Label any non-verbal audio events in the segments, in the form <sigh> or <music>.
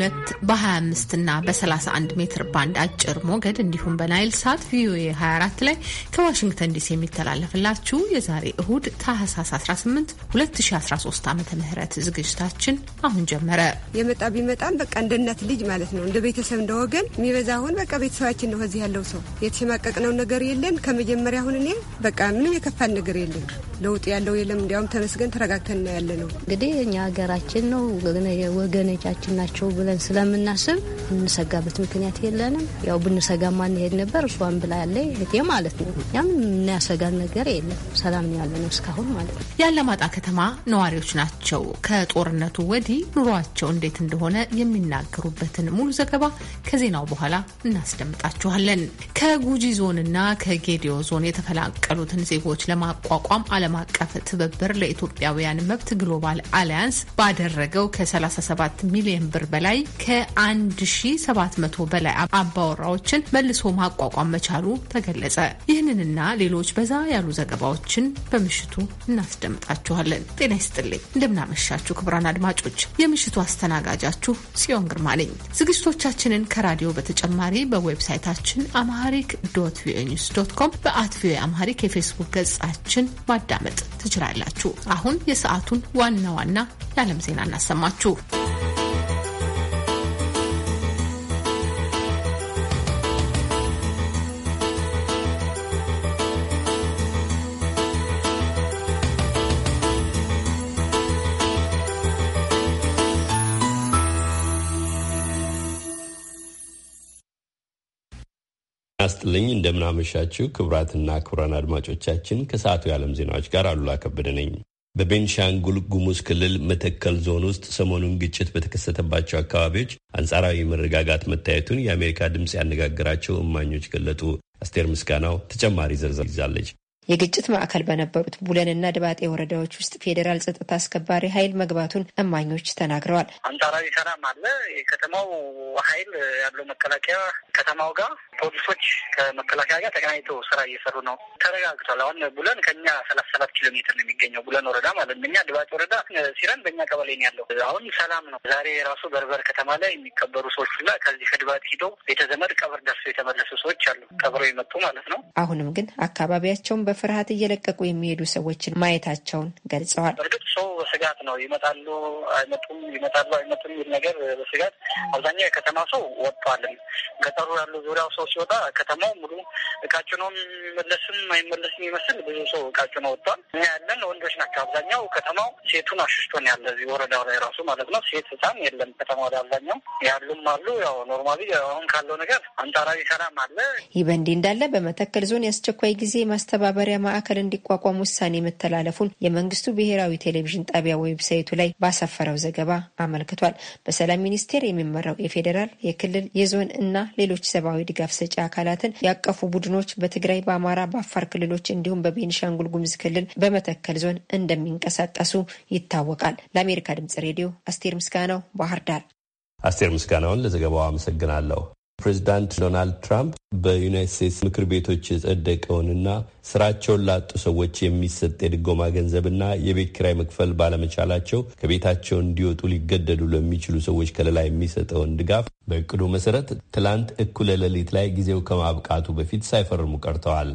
በ በ25 እና በ31 ሜትር ባንድ አጭር ሞገድ እንዲሁም በናይል ሳት ቪኦኤ 24 ላይ ከዋሽንግተን ዲሲ የሚተላለፍላችሁ የዛሬ እሁድ ታህሳስ 18 2013 ዓ ም ዝግጅታችን አሁን ጀመረ። የመጣ ቢመጣም በቃ እንደ እናት ልጅ ማለት ነው እንደ ቤተሰብ እንደ ወገን የሚበዛ አሁን በቃ ቤተሰባችን ነው። እዚህ ያለው ሰው የተሸማቀቅነው ነገር የለን። ከመጀመሪያ አሁን እኔ በቃ ምንም የከፋን ነገር የለን። ለውጥ ያለው የለም። እንዲያውም ተመስገን ተረጋግተን ያለ ነው። እንግዲህ እኛ ሀገራችን ነው ወገኖቻችን ናቸው ብለን ስለምናስብ የምንሰጋበት ምክንያት የለንም። ያው ብንሰጋ ማን ሄድ ነበር። እሷን ብላ ያለ እህቴ ማለት ነው። ያም የምናያሰጋን ነገር የለም። ሰላም ነው ያለ ነው እስካሁን ማለት ነው። የአላማጣ ከተማ ነዋሪዎች ናቸው። ከጦርነቱ ወዲህ ኑሯቸው እንዴት እንደሆነ የሚናገሩበትን ሙሉ ዘገባ ከዜናው በኋላ እናስደምጣችኋለን። ከጉጂ ዞንና ከጌዲዮ ዞን የተፈላቀሉትን ዜጎች ለማቋቋም ዓለም አቀፍ ትብብር ለኢትዮጵያውያን መብት ግሎባል አሊያንስ ባደረገው ከ37 ሚሊዮን ብር በላይ ላይ ከ1700 በላይ አባወራዎችን መልሶ ማቋቋም መቻሉ ተገለጸ። ይህንንና ሌሎች በዛ ያሉ ዘገባዎችን በምሽቱ እናስደምጣችኋለን። ጤና ይስጥልኝ፣ እንደምናመሻችሁ ክቡራን አድማጮች፣ የምሽቱ አስተናጋጃችሁ ጽዮን ግርማ ነኝ። ዝግጅቶቻችንን ከራዲዮ በተጨማሪ በዌብሳይታችን አማሪክ ዶት ቪኦኤ ኒውስ ዶት ኮም በአትቪ ቪኦኤ የፌስቡክ ገጻችን ማዳመጥ ትችላላችሁ። አሁን የሰዓቱን ዋና ዋና የዓለም ዜና እናሰማችሁ። ናስጥልኝ እንደምናመሻችው ክቡራትና ክቡራን አድማጮቻችን ከሰዓቱ የዓለም ዜናዎች ጋር አሉላ ከበደ ነኝ። በቤንሻንጉል ጉሙዝ ክልል መተከል ዞን ውስጥ ሰሞኑን ግጭት በተከሰተባቸው አካባቢዎች አንጻራዊ መረጋጋት መታየቱን የአሜሪካ ድምፅ ያነጋገራቸው እማኞች ገለጡ። አስቴር ምስጋናው ተጨማሪ ዝርዝር ይዛለች። የግጭት ማዕከል በነበሩት ቡለንና ድባጤ ወረዳዎች ውስጥ ፌዴራል ጸጥታ አስከባሪ ኃይል መግባቱን እማኞች ተናግረዋል። አንጻራዊ ሰላም አለ። የከተማው ኃይል ያለው መከላከያ ከተማው ጋር ፖሊሶች ከመከላከያ ጋር ተገናኝተው ስራ እየሰሩ ነው ተረጋግቷል። አሁን ቡለን ከኛ ሰላሳ ሰባት ኪሎ ሜትር ነው የሚገኘው ቡለን ወረዳ ማለት ነው። እኛ ድባጭ ወረዳ ሲረን በእኛ ቀበሌ ነው ያለው። አሁን ሰላም ነው። ዛሬ የራሱ በርበር ከተማ ላይ የሚቀበሩ ሰዎች ሁላ ከዚህ ከድባጭ ሂደው ቤተዘመድ ቀብር ደርሰው የተመለሱ ሰዎች አሉ፣ ቀብረው የመጡ ማለት ነው። አሁንም ግን አካባቢያቸውን በፍርሃት እየለቀቁ የሚሄዱ ሰዎችን ማየታቸውን ገልጸዋል። እርግጥ ሰው በስጋት ነው ይመጣሉ አይመጡም፣ ይመጣሉ አይመጡም የሚል ነገር በስጋት አብዛኛው የከተማ ሰው ወጥቷልም ገጠሩ ያሉ ዙሪያው ሰው ሲወጣ ከተማው ሙሉ እቃጭኖ የሚመለስም አይመለስም ይመስል ብዙ ሰው እቃጭኖ ወጥቷል። እኛ ያለን ወንዶች ናቸው። አብዛኛው ከተማው ሴቱን አሽሽቶን ያለ እዚህ ወረዳው ላይ ራሱ ማለት ነው። ሴት ህፃን የለም ከተማው ላይ አብዛኛው ያሉም አሉ። ያው ኖርማሊ አሁን ካለው ነገር አንጻራዊ ሰላም አለ። ይህ በእንዲህ እንዳለ በመተከል ዞን የአስቸኳይ ጊዜ ማስተባበሪያ ማዕከል እንዲቋቋም ውሳኔ መተላለፉን የመንግስቱ ብሔራዊ ቴሌቪዥን ጣቢያ ዌብሳይቱ ላይ ባሰፈረው ዘገባ አመልክቷል። በሰላም ሚኒስቴር የሚመራው የፌዴራል የክልል የዞን እና ሌሎች ሰብአዊ ድጋፍ ሰጪ አካላትን ያቀፉ ቡድኖች በትግራይ፣ በአማራ፣ በአፋር ክልሎች እንዲሁም በቤንሻንጉል ጉሙዝ ክልል በመተከል ዞን እንደሚንቀሳቀሱ ይታወቃል። ለአሜሪካ ድምጽ ሬዲዮ አስቴር ምስጋናው ባህር ዳር። አስቴር ምስጋናውን ለዘገባው አመሰግናለሁ። ፕሬዚዳንት ዶናልድ ትራምፕ በዩናይት ስቴትስ ምክር ቤቶች የጸደቀውንና ስራቸውን ላጡ ሰዎች የሚሰጥ የድጎማ ገንዘብና የቤት ኪራይ መክፈል ባለመቻላቸው ከቤታቸው እንዲወጡ ሊገደዱ ለሚችሉ ሰዎች ከለላ የሚሰጠውን ድጋፍ በእቅዱ መሰረት ትላንት እኩለ ሌሊት ላይ ጊዜው ከማብቃቱ በፊት ሳይፈርሙ ቀርተዋል።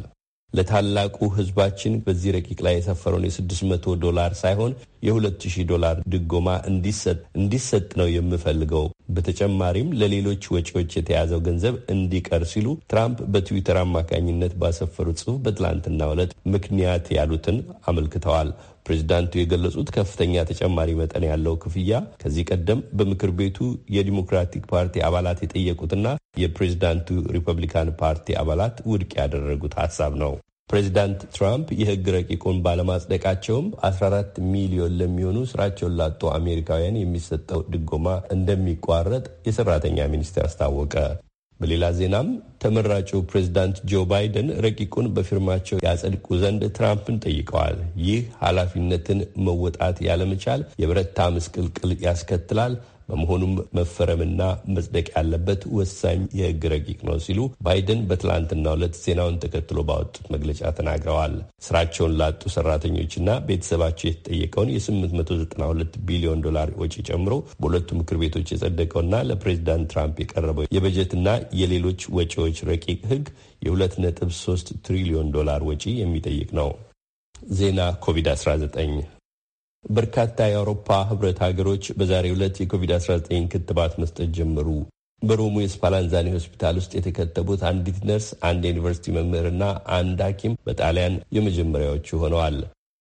ለታላቁ ህዝባችን በዚህ ረቂቅ ላይ የሰፈረውን የ600 ዶላር ሳይሆን የ200 ዶላር ድጎማ እንዲሰጥ እንዲሰጥ ነው የምፈልገው። በተጨማሪም ለሌሎች ወጪዎች የተያዘው ገንዘብ እንዲቀር ሲሉ ትራምፕ በትዊተር አማካኝነት ባሰፈሩ ጽሑፍ በትላንትና ዕለት ምክንያት ያሉትን አመልክተዋል። ፕሬዚዳንቱ የገለጹት ከፍተኛ ተጨማሪ መጠን ያለው ክፍያ ከዚህ ቀደም በምክር ቤቱ የዲሞክራቲክ ፓርቲ አባላት የጠየቁትና የፕሬዚዳንቱ ሪፐብሊካን ፓርቲ አባላት ውድቅ ያደረጉት ሀሳብ ነው። ፕሬዚዳንት ትራምፕ የሕግ ረቂቁን ባለማጽደቃቸውም 14 ሚሊዮን ለሚሆኑ ስራቸውን ላጡ አሜሪካውያን የሚሰጠው ድጎማ እንደሚቋረጥ የሰራተኛ ሚኒስቴር አስታወቀ። በሌላ ዜናም ተመራጩ ፕሬዚዳንት ጆ ባይደን ረቂቁን በፊርማቸው ያጸድቁ ዘንድ ትራምፕን ጠይቀዋል። ይህ ኃላፊነትን መወጣት ያለመቻል የበረታ ምስቅልቅል ያስከትላል፣ በመሆኑም መፈረምና መጽደቅ ያለበት ወሳኝ የህግ ረቂቅ ነው ሲሉ ባይደን በትላንትናው ዕለት ዜናውን ተከትሎ ባወጡት መግለጫ ተናግረዋል። ስራቸውን ላጡ ሰራተኞችና ቤተሰባቸው የተጠየቀውን የ892 ቢሊዮን ዶላር ወጪ ጨምሮ በሁለቱ ምክር ቤቶች የጸደቀውና ለፕሬዚዳንት ትራምፕ የቀረበው የበጀትና የሌሎች ወጪዎች ረቂቅ ህግ የ2.3 ትሪሊዮን ዶላር ወጪ የሚጠይቅ ነው። ዜና ኮቪድ-19 በርካታ የአውሮፓ ህብረት ሀገሮች በዛሬው ዕለት የኮቪድ-19 ክትባት መስጠት ጀመሩ። በሮሙ የስፓላንዛኒ ሆስፒታል ውስጥ የተከተቡት አንዲት ነርስ፣ አንድ የዩኒቨርሲቲ መምህርና አንድ ሐኪም በጣሊያን የመጀመሪያዎቹ ሆነዋል።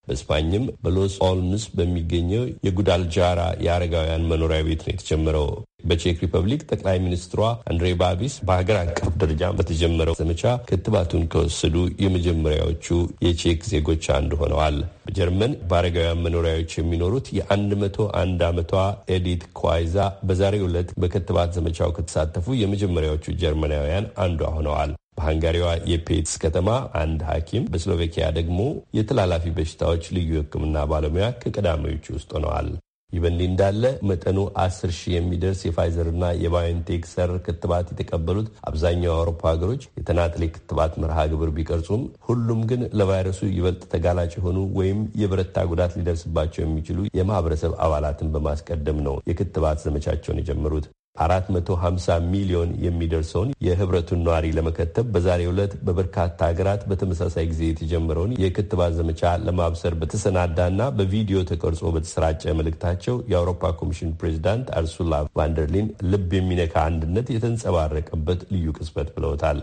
በስፓኝም በሎስ ኦልምስ በሚገኘው የጉዳልጃራ የአረጋውያን መኖሪያ ቤት ነው የተጀመረው። በቼክ ሪፐብሊክ ጠቅላይ ሚኒስትሯ አንድሬ ባቢስ በሀገር አቀፍ ደረጃ በተጀመረው ዘመቻ ክትባቱን ከወሰዱ የመጀመሪያዎቹ የቼክ ዜጎች አንዱ ሆነዋል። በጀርመን በአረጋውያን መኖሪያዎች የሚኖሩት የ101 ዓመቷ ኤዲት ኳይዛ በዛሬው ዕለት በክትባት ዘመቻው ከተሳተፉ የመጀመሪያዎቹ ጀርመናውያን አንዷ ሆነዋል። በሃንጋሪዋ የፔትስ ከተማ አንድ ሐኪም በስሎቬኪያ ደግሞ የተላላፊ በሽታዎች ልዩ ሕክምና ባለሙያ ከቀዳሚዎቹ ውስጥ ሆነዋል። ይህ በእንዲህ እንዳለ መጠኑ አስር ሺህ የሚደርስ የፋይዘርና የባዮንቴክ ሰር ክትባት የተቀበሉት አብዛኛው የአውሮፓ ሀገሮች የተናጥሌ ክትባት መርሃ ግብር ቢቀርጹም ሁሉም ግን ለቫይረሱ ይበልጥ ተጋላጭ የሆኑ ወይም የብረታ ጉዳት ሊደርስባቸው የሚችሉ የማህበረሰብ አባላትን በማስቀደም ነው የክትባት ዘመቻቸውን የጀመሩት። 450 ሚሊዮን የሚደርሰውን የህብረቱን ነዋሪ ለመከተብ በዛሬ ዕለት በበርካታ ሀገራት በተመሳሳይ ጊዜ የተጀመረውን የክትባት ዘመቻ ለማብሰር በተሰናዳና በቪዲዮ ተቀርጾ በተሰራጨ መልእክታቸው የአውሮፓ ኮሚሽን ፕሬዚዳንት አርሱላ ቫንደርሊን ልብ የሚነካ አንድነት የተንጸባረቀበት ልዩ ቅጽበት ብለውታል።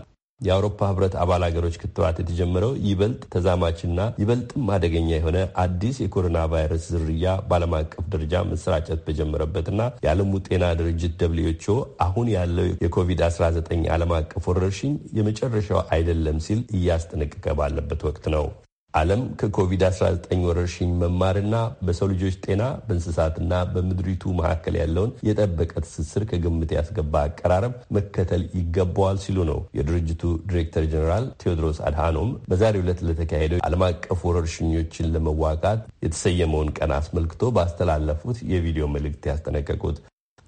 የአውሮፓ ህብረት አባል ሀገሮች ክትባት የተጀመረው ይበልጥ ተዛማችና ይበልጥም አደገኛ የሆነ አዲስ የኮሮና ቫይረስ ዝርያ በዓለም አቀፍ ደረጃ መሰራጨት በጀመረበትና የዓለሙ ጤና ድርጅት ደብልዩኤችኦ አሁን ያለው የኮቪድ-19 ዓለም አቀፍ ወረርሽኝ የመጨረሻው አይደለም ሲል እያስጠነቀቀ ባለበት ወቅት ነው። ዓለም ከኮቪድ-19 ወረርሽኝ መማርና በሰው ልጆች ጤና በእንስሳትና በምድሪቱ መካከል ያለውን የጠበቀ ትስስር ከግምት ያስገባ አቀራረብ መከተል ይገባዋል ሲሉ ነው የድርጅቱ ዲሬክተር ጀኔራል ቴዎድሮስ አድሃኖም በዛሬው ዕለት ለተካሄደው ዓለም አቀፍ ወረርሽኞችን ለመዋጋት የተሰየመውን ቀን አስመልክቶ ባስተላለፉት የቪዲዮ መልእክት ያስጠነቀቁት።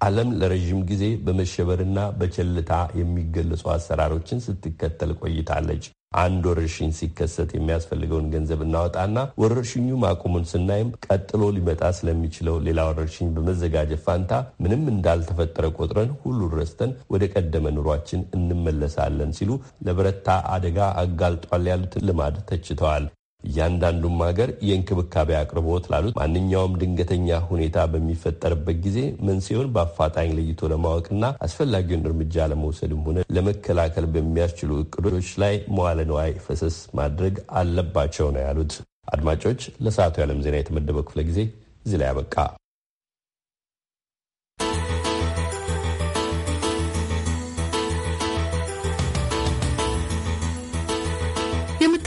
ዓለም ለረዥም ጊዜ በመሸበርና በቸልታ የሚገለጹ አሰራሮችን ስትከተል ቆይታለች። አንድ ወረርሽኝ ሲከሰት የሚያስፈልገውን ገንዘብ እናወጣና ወረርሽኙ ማቆሙን ስናይም ቀጥሎ ሊመጣ ስለሚችለው ሌላ ወረርሽኝ በመዘጋጀት ፋንታ ምንም እንዳልተፈጠረ ቆጥረን ሁሉ ረስተን ወደ ቀደመ ኑሯችን እንመለሳለን ሲሉ ለበረታ አደጋ አጋልጧል ያሉትን ልማድ ተችተዋል። እያንዳንዱም ሀገር የእንክብካቤ አቅርቦት ላሉት ማንኛውም ድንገተኛ ሁኔታ በሚፈጠርበት ጊዜ መንስኤውን በአፋጣኝ ለይቶ ለማወቅና አስፈላጊውን እርምጃ ለመውሰድም ሆነ ለመከላከል በሚያስችሉ እቅዶች ላይ መዋለ ንዋይ ፈሰስ ማድረግ አለባቸው ነው ያሉት። አድማጮች፣ ለሰዓቱ የዓለም ዜና የተመደበው ክፍለ ጊዜ እዚህ ላይ አበቃ።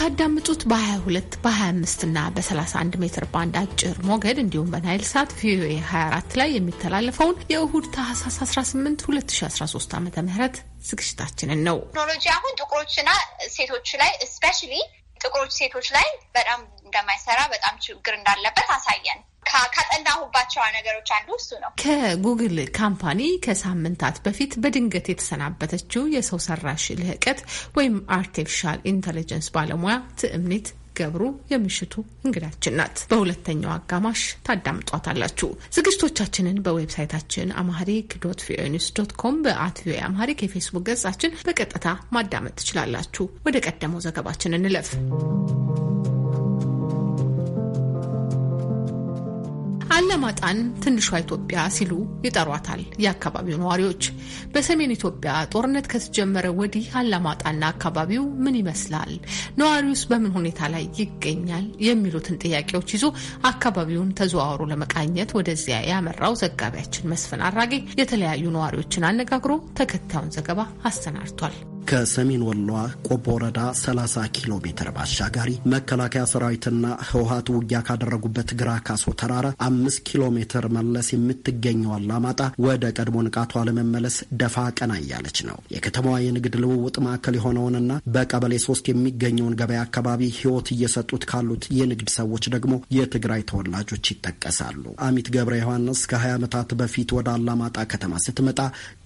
የምታዳምጡት በ22 በ25 እና በ31 ሜትር ባንድ አጭር ሞገድ እንዲሁም በናይል ሳት ቪኦኤ 24 ላይ የሚተላለፈውን የእሁድ ታህሳስ 18 2013 ዓ ም ዝግጅታችንን ነው። ቴክኖሎጂ አሁን ጥቁሮችና ሴቶች ላይ ስፔሻሊ ጥቁሮች ሴቶች ላይ በጣም እንደማይሰራ በጣም ችግር እንዳለበት አሳየን። ካጠናሁባቸው ነገሮች አንዱ እሱ ነው። ከጉግል ካምፓኒ ከሳምንታት በፊት በድንገት የተሰናበተችው የሰው ሰራሽ ልህቀት ወይም አርቲፊሻል ኢንተለጀንስ ባለሙያ ትዕምኒት ገብሩ የምሽቱ እንግዳችን ናት። በሁለተኛው አጋማሽ ታዳምጧታላችሁ። ዝግጅቶቻችንን በዌብሳይታችን አማሪክ ዶት ቪኦኤ ኒውስ ዶት ኮም በአት ቪኦኤ አማሪክ የፌስቡክ ገጻችን በቀጥታ ማዳመጥ ትችላላችሁ። ወደ ቀደመው ዘገባችን እንለፍ። አላማጣን ትንሿ ኢትዮጵያ ሲሉ ይጠሯታል የአካባቢው ነዋሪዎች። በሰሜን ኢትዮጵያ ጦርነት ከተጀመረ ወዲህ አለማጣና አካባቢው ምን ይመስላል፣ ነዋሪውስ በምን ሁኔታ ላይ ይገኛል የሚሉትን ጥያቄዎች ይዞ አካባቢውን ተዘዋውሮ ለመቃኘት ወደዚያ ያመራው ዘጋቢያችን መስፍን አራጌ የተለያዩ ነዋሪዎችን አነጋግሮ ተከታዩን ዘገባ አሰናድቷል። ከሰሜን ወሎ ቆቦ ወረዳ 30 ኪሎ ሜትር ባሻጋሪ መከላከያ ሰራዊትና ህወሀት ውጊያ ካደረጉበት ግራ ካሶ ተራራ አምስት ኪሎ ሜትር መለስ የምትገኘው አላማጣ ወደ ቀድሞ ንቃቷ ለመመለስ ደፋ ቀና እያለች ነው። የከተማዋ የንግድ ልውውጥ ማዕከል የሆነውንና በቀበሌ ሶስት የሚገኘውን ገበያ አካባቢ ህይወት እየሰጡት ካሉት የንግድ ሰዎች ደግሞ የትግራይ ተወላጆች ይጠቀሳሉ። አሚት ገብረ ዮሐንስ ከ20 ዓመታት በፊት ወደ አላማጣ ከተማ ስትመጣ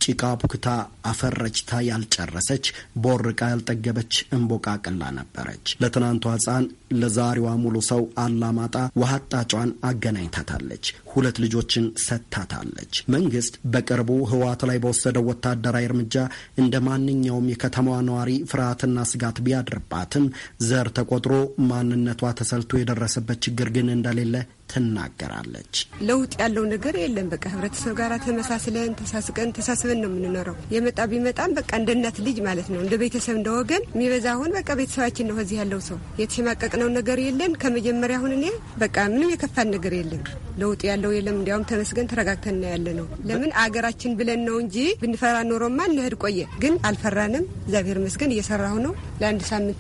ጭቃ ቡክታ አፈረጅታ ያልጨረሰች ቦርቃ ያልጠገበች እንቦቃቅላ ነበረች። ለትናንቷ ህፃን ለዛሬዋ ሙሉ ሰው አላማጣ ውሃ አጣጯን አገናኝታታለች። ሁለት ልጆችን ሰጥታታለች። መንግስት በቅርቡ ህወሓት ላይ በወሰደው ወታደራዊ እርምጃ እንደ ማንኛውም የከተማዋ ነዋሪ ፍርሃትና ስጋት ቢያድርባትም ዘር ተቆጥሮ ማንነቷ ተሰልቶ የደረሰበት ችግር ግን እንደሌለ ትናገራለች። ለውጥ ያለው ነገር የለም። በቃ ህብረተሰብ ጋር ተመሳስለን ተሳስቀን ተሳስበን ነው የምንኖረው። የመጣ ቢመጣም በቃ እንደ እናት ልጅ ማለት ነው እንደ ቤተሰብ እንደ ወገን የሚበዛ አሁን በቃ ቤተሰባችን ነው ከዚህ ያለው ሰው የተሸማቀቅ የለወጥነው ነገር የለን። ከመጀመሪያ አሁን እኔ በቃ ምንም የከፋን ነገር የለም። ለውጥ ያለው የለም። እንዲያውም ተመስገን ተረጋግተን ያለ ነው። ለምን አገራችን ብለን ነው እንጂ ብንፈራ ኖሮማ እንሄድ ቆየ። ግን አልፈራንም። እግዚአብሔር መስገን እየሰራሁ ነው። ለአንድ ሳምንት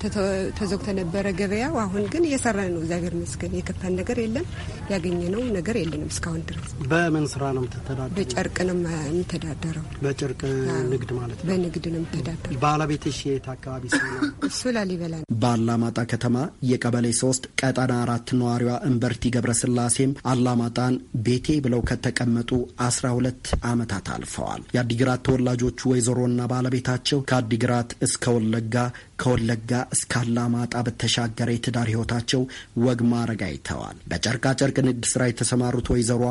ተዘግቶ ነበረ ገበያው። አሁን ግን እየሰራን ነው። እግዚአብሔር መስገን የከፋን ነገር የለም። ያገኘነው ነገር የለንም እስካሁን ድረስ። በምን ስራ ነው የምትተዳደረው? በጨርቅ ነው የምተዳደረው። በጨርቅ ንግድ ማለት ነው። በንግድ ነው የምተዳደረው። ባለቤትሽ የት አካባቢ? እሱ ላሊበላ ባላማጣ ከተማ የቃ ቀበሌ ሶስት ቀጠና አራት ነዋሪዋ እንበርቲ ገብረስላሴም አላማጣን ቤቴ ብለው ከተቀመጡ አስራ ሁለት ዓመታት አልፈዋል። የአዲግራት ተወላጆቹ ወይዘሮና ባለቤታቸው ከአዲግራት እስከ ወለጋ ከወለጋ እስከ አላማጣ በተሻገረ የትዳር ህይወታቸው ወግ ማዕረግ አይተዋል። በጨርቃጨርቅ ንግድ ስራ የተሰማሩት ወይዘሯ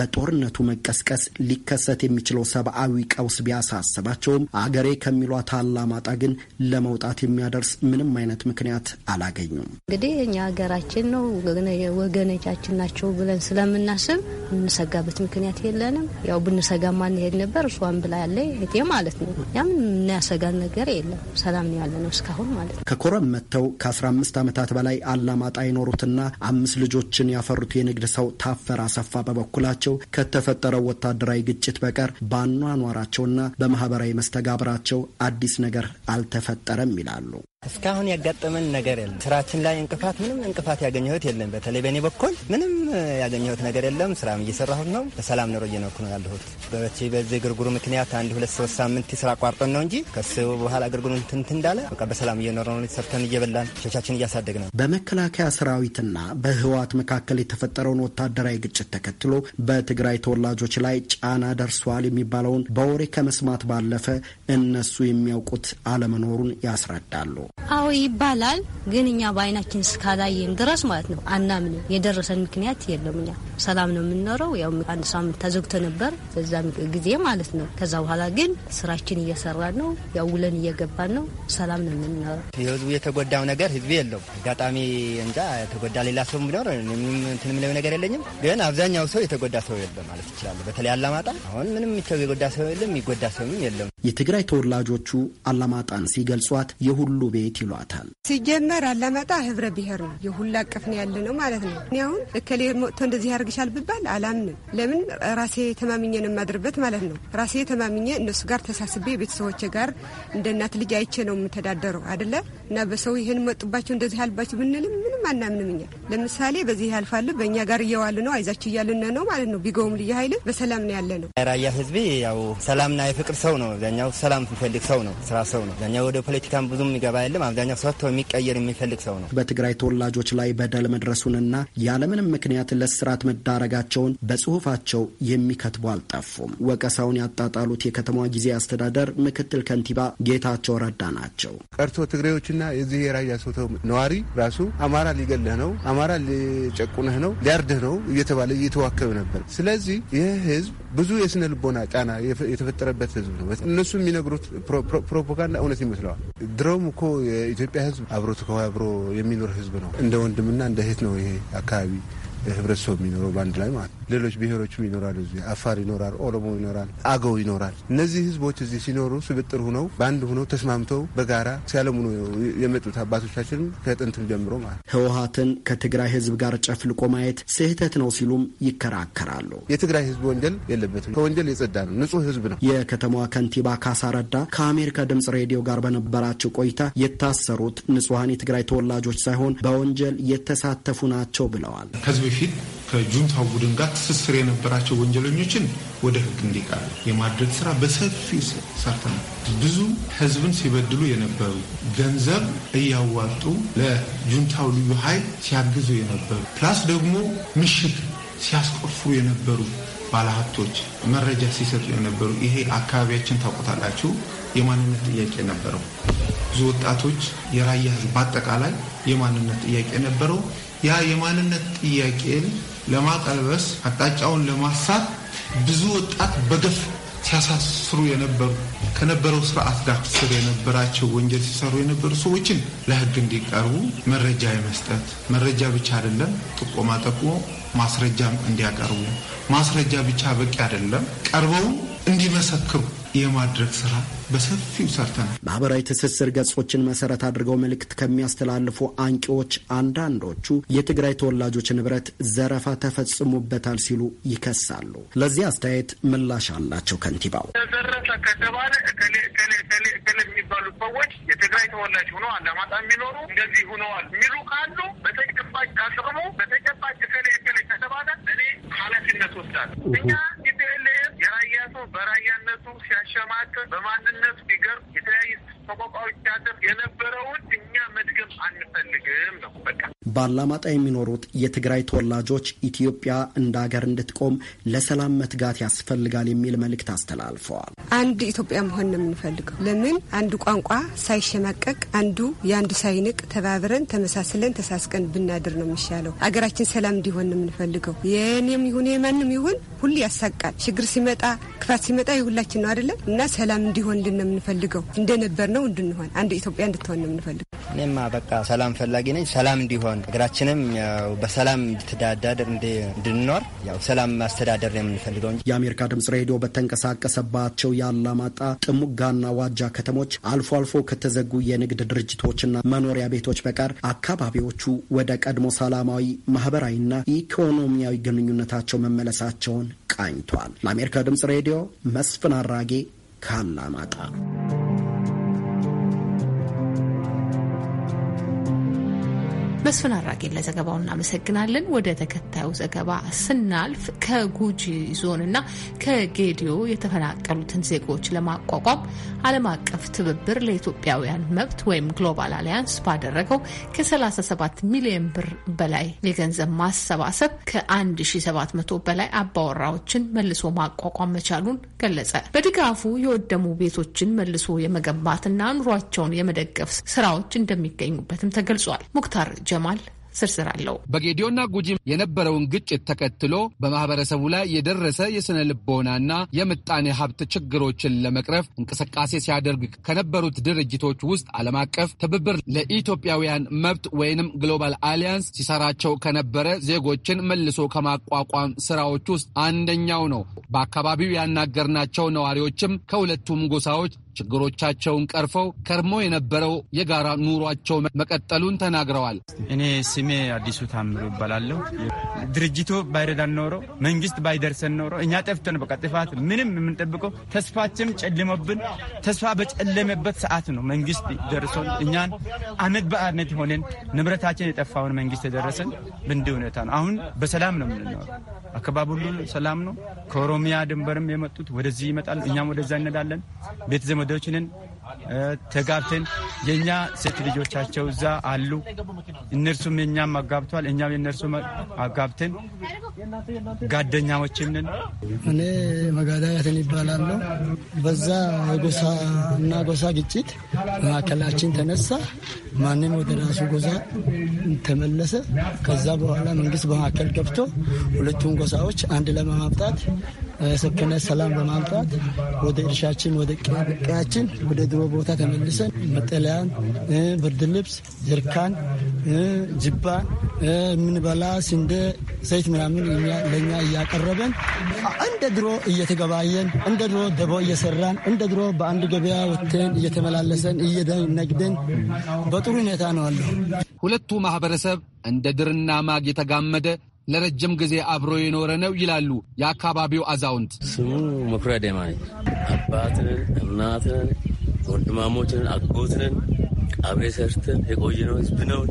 በጦርነቱ መቀስቀስ ሊከሰት የሚችለው ሰብአዊ ቀውስ ቢያሳስባቸውም አገሬ ከሚሏት አላማጣ ግን ለመውጣት የሚያደርስ ምንም አይነት ምክንያት አላገኙም። እንግዲህ እኛ ሀገራችን ነው ወገኖቻችን ናቸው ብለን ስለምናስብ የምንሰጋበት ምክንያት የለንም። ያው ብንሰጋ ማንሄድ ነበር። እሷን ብላ ያለ እቴ ማለት ነው። ያም የምናያሰጋን ነገር የለም። ሰላም ነው ያለ ነው እስካሁን ማለት ነው። ከኮረም መጥተው ከ15 ዓመታት በላይ አላማጣ የኖሩትና አምስት ልጆችን ያፈሩት የንግድ ሰው ታፈር አሰፋ በበኩላቸው ከተፈጠረው ወታደራዊ ግጭት በቀር በአኗኗራቸውና በማህበራዊ መስተጋብራቸው አዲስ ነገር አልተፈጠረም ይላሉ። እስካሁን ያጋጠመን ነገር የለም። ስራችን ላይ እንቅፋት ምንም እንቅፋት ያገኘሁት የለም። በተለይ በእኔ በኩል ምንም ያገኘሁት ነገር የለም። ስራም እየሰራሁት ነው። በሰላም ኖሮ እየኖርኩ ነው ያለሁት። በበቺ በዚህ ግርጉሩ ምክንያት አንድ ሁለት ሶስት ሳምንት ስራ አቋርጠን ነው እንጂ ከሱ በኋላ ግርጉሩ ትንት እንዳለ በቃ በሰላም እየኖረ ነው። ሰርተን እየበላን ቻችን እያሳደግ ነው። በመከላከያ ሰራዊትና በህወሓት መካከል የተፈጠረውን ወታደራዊ ግጭት ተከትሎ በትግራይ ተወላጆች ላይ ጫና ደርሷል የሚባለውን በወሬ ከመስማት ባለፈ እነሱ የሚያውቁት አለመኖሩን ያስረዳሉ። አዎ ይባላል፣ ግን እኛ በአይናችን እስካላየን ድረስ ማለት ነው አናምንም። የደረሰን ምክንያት የለም። እኛ ሰላም ነው የምንኖረው። ያው አንድ ሳምንት ተዘግቶ ነበር በዛ ጊዜ ማለት ነው። ከዛ በኋላ ግን ስራችን እየሰራ ነው፣ ያው ውለን እየገባን ነው። ሰላም ነው የምንኖረው። የህዝቡ የተጎዳው ነገር ህዝብ የለው። አጋጣሚ እንጃ የተጎዳ ሌላ ሰው ቢኖር እንትን የምለው ነገር የለኝም፣ ግን አብዛኛው ሰው የተጎዳ ሰው የለም ማለት ይችላል። በተለይ አላማጣ አሁን ምንም የጎዳ ሰው የለም፣ የሚጎዳ ሰውም የለም። የትግራይ ተወላጆቹ አላማጣን ሲገልጿት የሁሉ ቤት ቤት ይሏታል። ሲጀመር አላማጣ ህብረ ብሔር ነው፣ የሁላ አቀፍ ነው ያለ ነው ማለት ነው። እኔ አሁን እከሌ መጥቶ እንደዚህ ያደርግሻል ብባል አላምንም። ለምን ራሴ ተማምኘ ነው የማድርበት ማለት ነው። ራሴ ተማምኘ እነሱ ጋር ተሳስቤ ቤተሰቦቼ ጋር እንደ እናት ልጅ አይቼ ነው የምተዳደረው አደለ እና በሰው ይህን መጡባቸው እንደዚህ ያልባቸው ብንልም ምንም አናምንም። እኛ ለምሳሌ በዚህ ያልፋሉ፣ በእኛ ጋር እየዋሉ ነው፣ አይዛችሁ እያልን ነው ማለት ነው። ቢገውም ልዩ ኃይል በሰላም ነው ያለ ነው። ራያ ህዝብ ያው ሰላምና የፍቅር ሰው ነው። ዛኛው ሰላም የሚፈልግ ሰው ነው፣ ስራ ሰው ነው። ዛኛው ወደ ፖለቲካም ብዙም ይገባ ያለ አይደለም። አብዛኛው ሰርቶ የሚቀየር የሚፈልግ ሰው ነው። በትግራይ ተወላጆች ላይ በደል መድረሱንና ያለምንም ምክንያት ለስርዓት መዳረጋቸውን በጽሁፋቸው የሚከትቡ አልጠፉም። ወቀሳውን ያጣጣሉት የከተማዋ ጊዜ አስተዳደር ምክትል ከንቲባ ጌታቸው ረዳ ናቸው። ቀርቶ ትግራዮችና የዚህ የራያ ሰቶ ነዋሪ ራሱ አማራ ሊገለህ ነው፣ አማራ ሊጨቁነህ ነው፣ ሊያርድህ ነው እየተባለ እየተዋከብ ነበር። ስለዚህ ይህ ህዝብ ብዙ የስነ ልቦና ጫና የተፈጠረበት ህዝብ ነው። እነሱ የሚነግሩት ፕሮፓጋንዳ እውነት ይመስለዋል። ድሮም እኮ የኢትዮጵያ ህዝብ አብሮ ተከባብሮ የሚኖር ህዝብ ነው። እንደ ወንድምና እንደ እህት ነው ይሄ አካባቢ ህብረተሰብ የሚኖረው በአንድ ላይ ማለት ነው። ሌሎች ብሔሮችም ይኖራሉ። እዚህ አፋር ይኖራል፣ ኦሮሞ ይኖራል፣ አገው ይኖራል። እነዚህ ህዝቦች እዚህ ሲኖሩ ስብጥር ሁነው በአንድ ሁነው ተስማምተው በጋራ ሲያለሙ ነው የመጡት አባቶቻችንም ከጥንትም ጀምሮ ማለት ነው። ህወሀትን ከትግራይ ህዝብ ጋር ጨፍልቆ ማየት ስህተት ነው ሲሉም ይከራከራሉ። የትግራይ ህዝብ ወንጀል የለበትም። ከወንጀል የጸዳ ነው፣ ንጹህ ህዝብ ነው። የከተማዋ ከንቲባ ካሳ ረዳ ከአሜሪካ ድምጽ ሬዲዮ ጋር በነበራቸው ቆይታ የታሰሩት ንጹሐን የትግራይ ተወላጆች ሳይሆን በወንጀል የተሳተፉ ናቸው ብለዋል። በፊት ከጁንታው ቡድን ጋር ትስስር የነበራቸው ወንጀለኞችን ወደ ህግ እንዲቀርቡ የማድረግ ስራ በሰፊ ሰርተናል። ብዙ ህዝብን ሲበድሉ የነበሩ ገንዘብ እያዋጡ ለጁንታው ልዩ ኃይል ሲያግዙ የነበሩ ፕላስ ደግሞ ምሽት ሲያስቆፍሩ የነበሩ ባለሀብቶች መረጃ ሲሰጡ የነበሩ ይሄ አካባቢያችን ታውቆታላችሁ የማንነት ጥያቄ ነበረው። ብዙ ወጣቶች የራያ ህዝብ በአጠቃላይ የማንነት ጥያቄ ነበረው። ያ የማንነት ጥያቄን ለማቀልበስ አቅጣጫውን ለማሳት ብዙ ወጣት በገፍ ሲያሳስሩ የነበሩ ከነበረው ስርዓት ጋር ስር የነበራቸው ወንጀል ሲሰሩ የነበሩ ሰዎችን ለሕግ እንዲቀርቡ መረጃ የመስጠት መረጃ ብቻ አይደለም፣ ጥቆማ ጠቁሞ ማስረጃም እንዲያቀርቡ ማስረጃ ብቻ በቂ አይደለም፣ ቀርበው እንዲመሰክሩ የማድረግ ስራ በሰፊው ሰርተናል። ማህበራዊ ትስስር ገጾችን መሰረት አድርገው መልእክት ከሚያስተላልፉ አንቂዎች አንዳንዶቹ የትግራይ ተወላጆች ንብረት ዘረፋ ተፈጽሞበታል ሲሉ ይከሳሉ። ለዚህ አስተያየት ምላሽ አላቸው ከንቲባው ተዘረፈ ከተባለ ሰዎች የትግራይ ተወላጅ ሆኖ አላማጣ የሚኖሩ እንደዚህ ሆነዋል የሚሉ ካሉ በተጨባጭ ካስቅሙ በተጨባጭ ከተባለ እኔ ኃላፊነት ወስዳለሁ እኛ የራያ ሰው በራያነቱ ሲያሸማቅቅ በማንነቱ ሲገርም የተለያየ ሰቆቃዎች የነበረውን እኛ መድገም አንፈልግም ነው በቃ። የሚኖሩት የትግራይ ተወላጆች ኢትዮጵያ እንደ ሀገር እንድትቆም ለሰላም መትጋት ያስፈልጋል የሚል መልእክት አስተላልፈዋል። አንድ ኢትዮጵያ መሆን ነው የምንፈልገው። ለምን አንዱ ቋንቋ ሳይሸማቀቅ አንዱ የአንዱ ሳይንቅ ተባብረን ተመሳስለን ተሳስቀን ብናድር ነው የሚሻለው። አገራችን ሰላም እንዲሆን ነው የምንፈልገው። የእኔም ይሁን የማንም ይሁን ሁሉ ያሳቃል። ችግር ሲመጣ፣ ክፋት ሲመጣ የሁላችን ነው አይደለም እና ሰላም እንዲሆንልን ነው የምንፈልገው እንደነበር ነው ነው እንድንሆን አንድ ኢትዮጵያ እንድትሆን ነው የምንፈልግ። እኔማ በቃ ሰላም ፈላጊ ነኝ። ሰላም እንዲሆን እግራችንም በሰላም እንድትዳዳድር እንድንኖር ያው ሰላም ማስተዳደር ነው የምንፈልገው እንጂ የአሜሪካ ድምጽ ሬዲዮ በተንቀሳቀሰባቸው የአላማጣ ጥሙጋና ዋጃ ከተሞች አልፎ አልፎ ከተዘጉ የንግድ ድርጅቶችና መኖሪያ ቤቶች በቀር አካባቢዎቹ ወደ ቀድሞ ሰላማዊ ማህበራዊና ኢኮኖሚያዊ ግንኙነታቸው መመለሳቸውን ቃኝቷል። ለአሜሪካ ድምጽ ሬዲዮ መስፍን አራጌ ካላማጣ መስፍን አራጌን ለዘገባው እናመሰግናለን። ወደ ተከታዩ ዘገባ ስናልፍ ከጉጂ ዞንና ከጌዲዮ የተፈናቀሉትን ዜጎች ለማቋቋም ዓለም አቀፍ ትብብር ለኢትዮጵያውያን መብት ወይም ግሎባል አሊያንስ ባደረገው ከ37 ሚሊዮን ብር በላይ የገንዘብ ማሰባሰብ ከ1700 በላይ አባወራዎችን መልሶ ማቋቋም መቻሉን ገለጸ። በድጋፉ የወደሙ ቤቶችን መልሶ የመገንባትና ኑሯቸውን የመደገፍ ስራዎች እንደሚገኙበትም ተገልጿል። ሙክታር ጀማል ስርስር አለው። በጌዲዮና ጉጂ የነበረውን ግጭት ተከትሎ በማህበረሰቡ ላይ የደረሰ የሥነ ልቦናና የምጣኔ ሀብት ችግሮችን ለመቅረፍ እንቅስቃሴ ሲያደርግ ከነበሩት ድርጅቶች ውስጥ ዓለም አቀፍ ትብብር ለኢትዮጵያውያን መብት ወይንም ግሎባል አሊያንስ ሲሰራቸው ከነበረ ዜጎችን መልሶ ከማቋቋም ስራዎች ውስጥ አንደኛው ነው። በአካባቢው ያናገርናቸው ነዋሪዎችም ከሁለቱም ጎሳዎች ችግሮቻቸውን ቀርፈው ከርሞ የነበረው የጋራ ኑሯቸው መቀጠሉን ተናግረዋል። እኔ ስሜ አዲሱ ታምሩ ይባላለሁ። ድርጅቱ ባይረዳን ኖሮ፣ መንግስት ባይደርሰን ኖሮ እኛ ጠፍተን በቃ ጥፋት ምንም የምንጠብቀው ተስፋችን ጨልሞብን ተስፋ በጨለመበት ሰዓት ነው መንግስት ደርሶ እኛን አመት በአመት ሆነን ንብረታችን የጠፋውን መንግስት የደረሰን ብንድ ሁኔታ ነው። አሁን በሰላም ነው የምንኖር። አካባቢ ሁሉ ሰላም ነው። ከኦሮሚያ ድንበርም የመጡት ወደዚህ ይመጣል፣ እኛም ወደዛ እንሄዳለን። ቤተዘመ ዘመዶችንን ተጋብተን የእኛ ሴት ልጆቻቸው እዛ አሉ። እነርሱም የእኛም አጋብተዋል። እኛም የእነርሱ አጋብተን ጓደኛዎችም ነን። እኔ መጋዳያትን ይባላለሁ። በዛ የጎሳ እና ጎሳ ግጭት መካከላችን ተነሳ። ማንም ወደ ራሱ ጎሳ ተመለሰ። ከዛ በኋላ መንግስት በመካከል ገብቶ ሁለቱን ጎሳዎች አንድ ለማምጣት ሰከነ ሰላም በማምጣት ወደ እርሻችን ወደ ቀያችን ወደ ድሮ ቦታ ተመልሰን መጠለያን፣ ብርድ ልብስ፣ ጀርካን፣ ጅባን የምንበላ ስንዴ፣ ዘይት ምናምን ለእኛ እያቀረበን እንደ ድሮ እየተገባየን እንደ ድሮ ደቦ እየሰራን እንደ ድሮ በአንድ ገበያ ወጥተን እየተመላለሰን እየነግደን በጥሩ ሁኔታ ነው አለሁ። ሁለቱ ማህበረሰብ እንደ ድርና ማግ የተጋመደ ለረጅም ጊዜ አብሮ የኖረ ነው ይላሉ የአካባቢው አዛውንት። ስሙ መኩሪያ ደማ አባትንን፣ እናትንን፣ ወንድማሞችን፣ አጎትንን አብሬ ሰርተን የቆየነው ህዝብ ነው።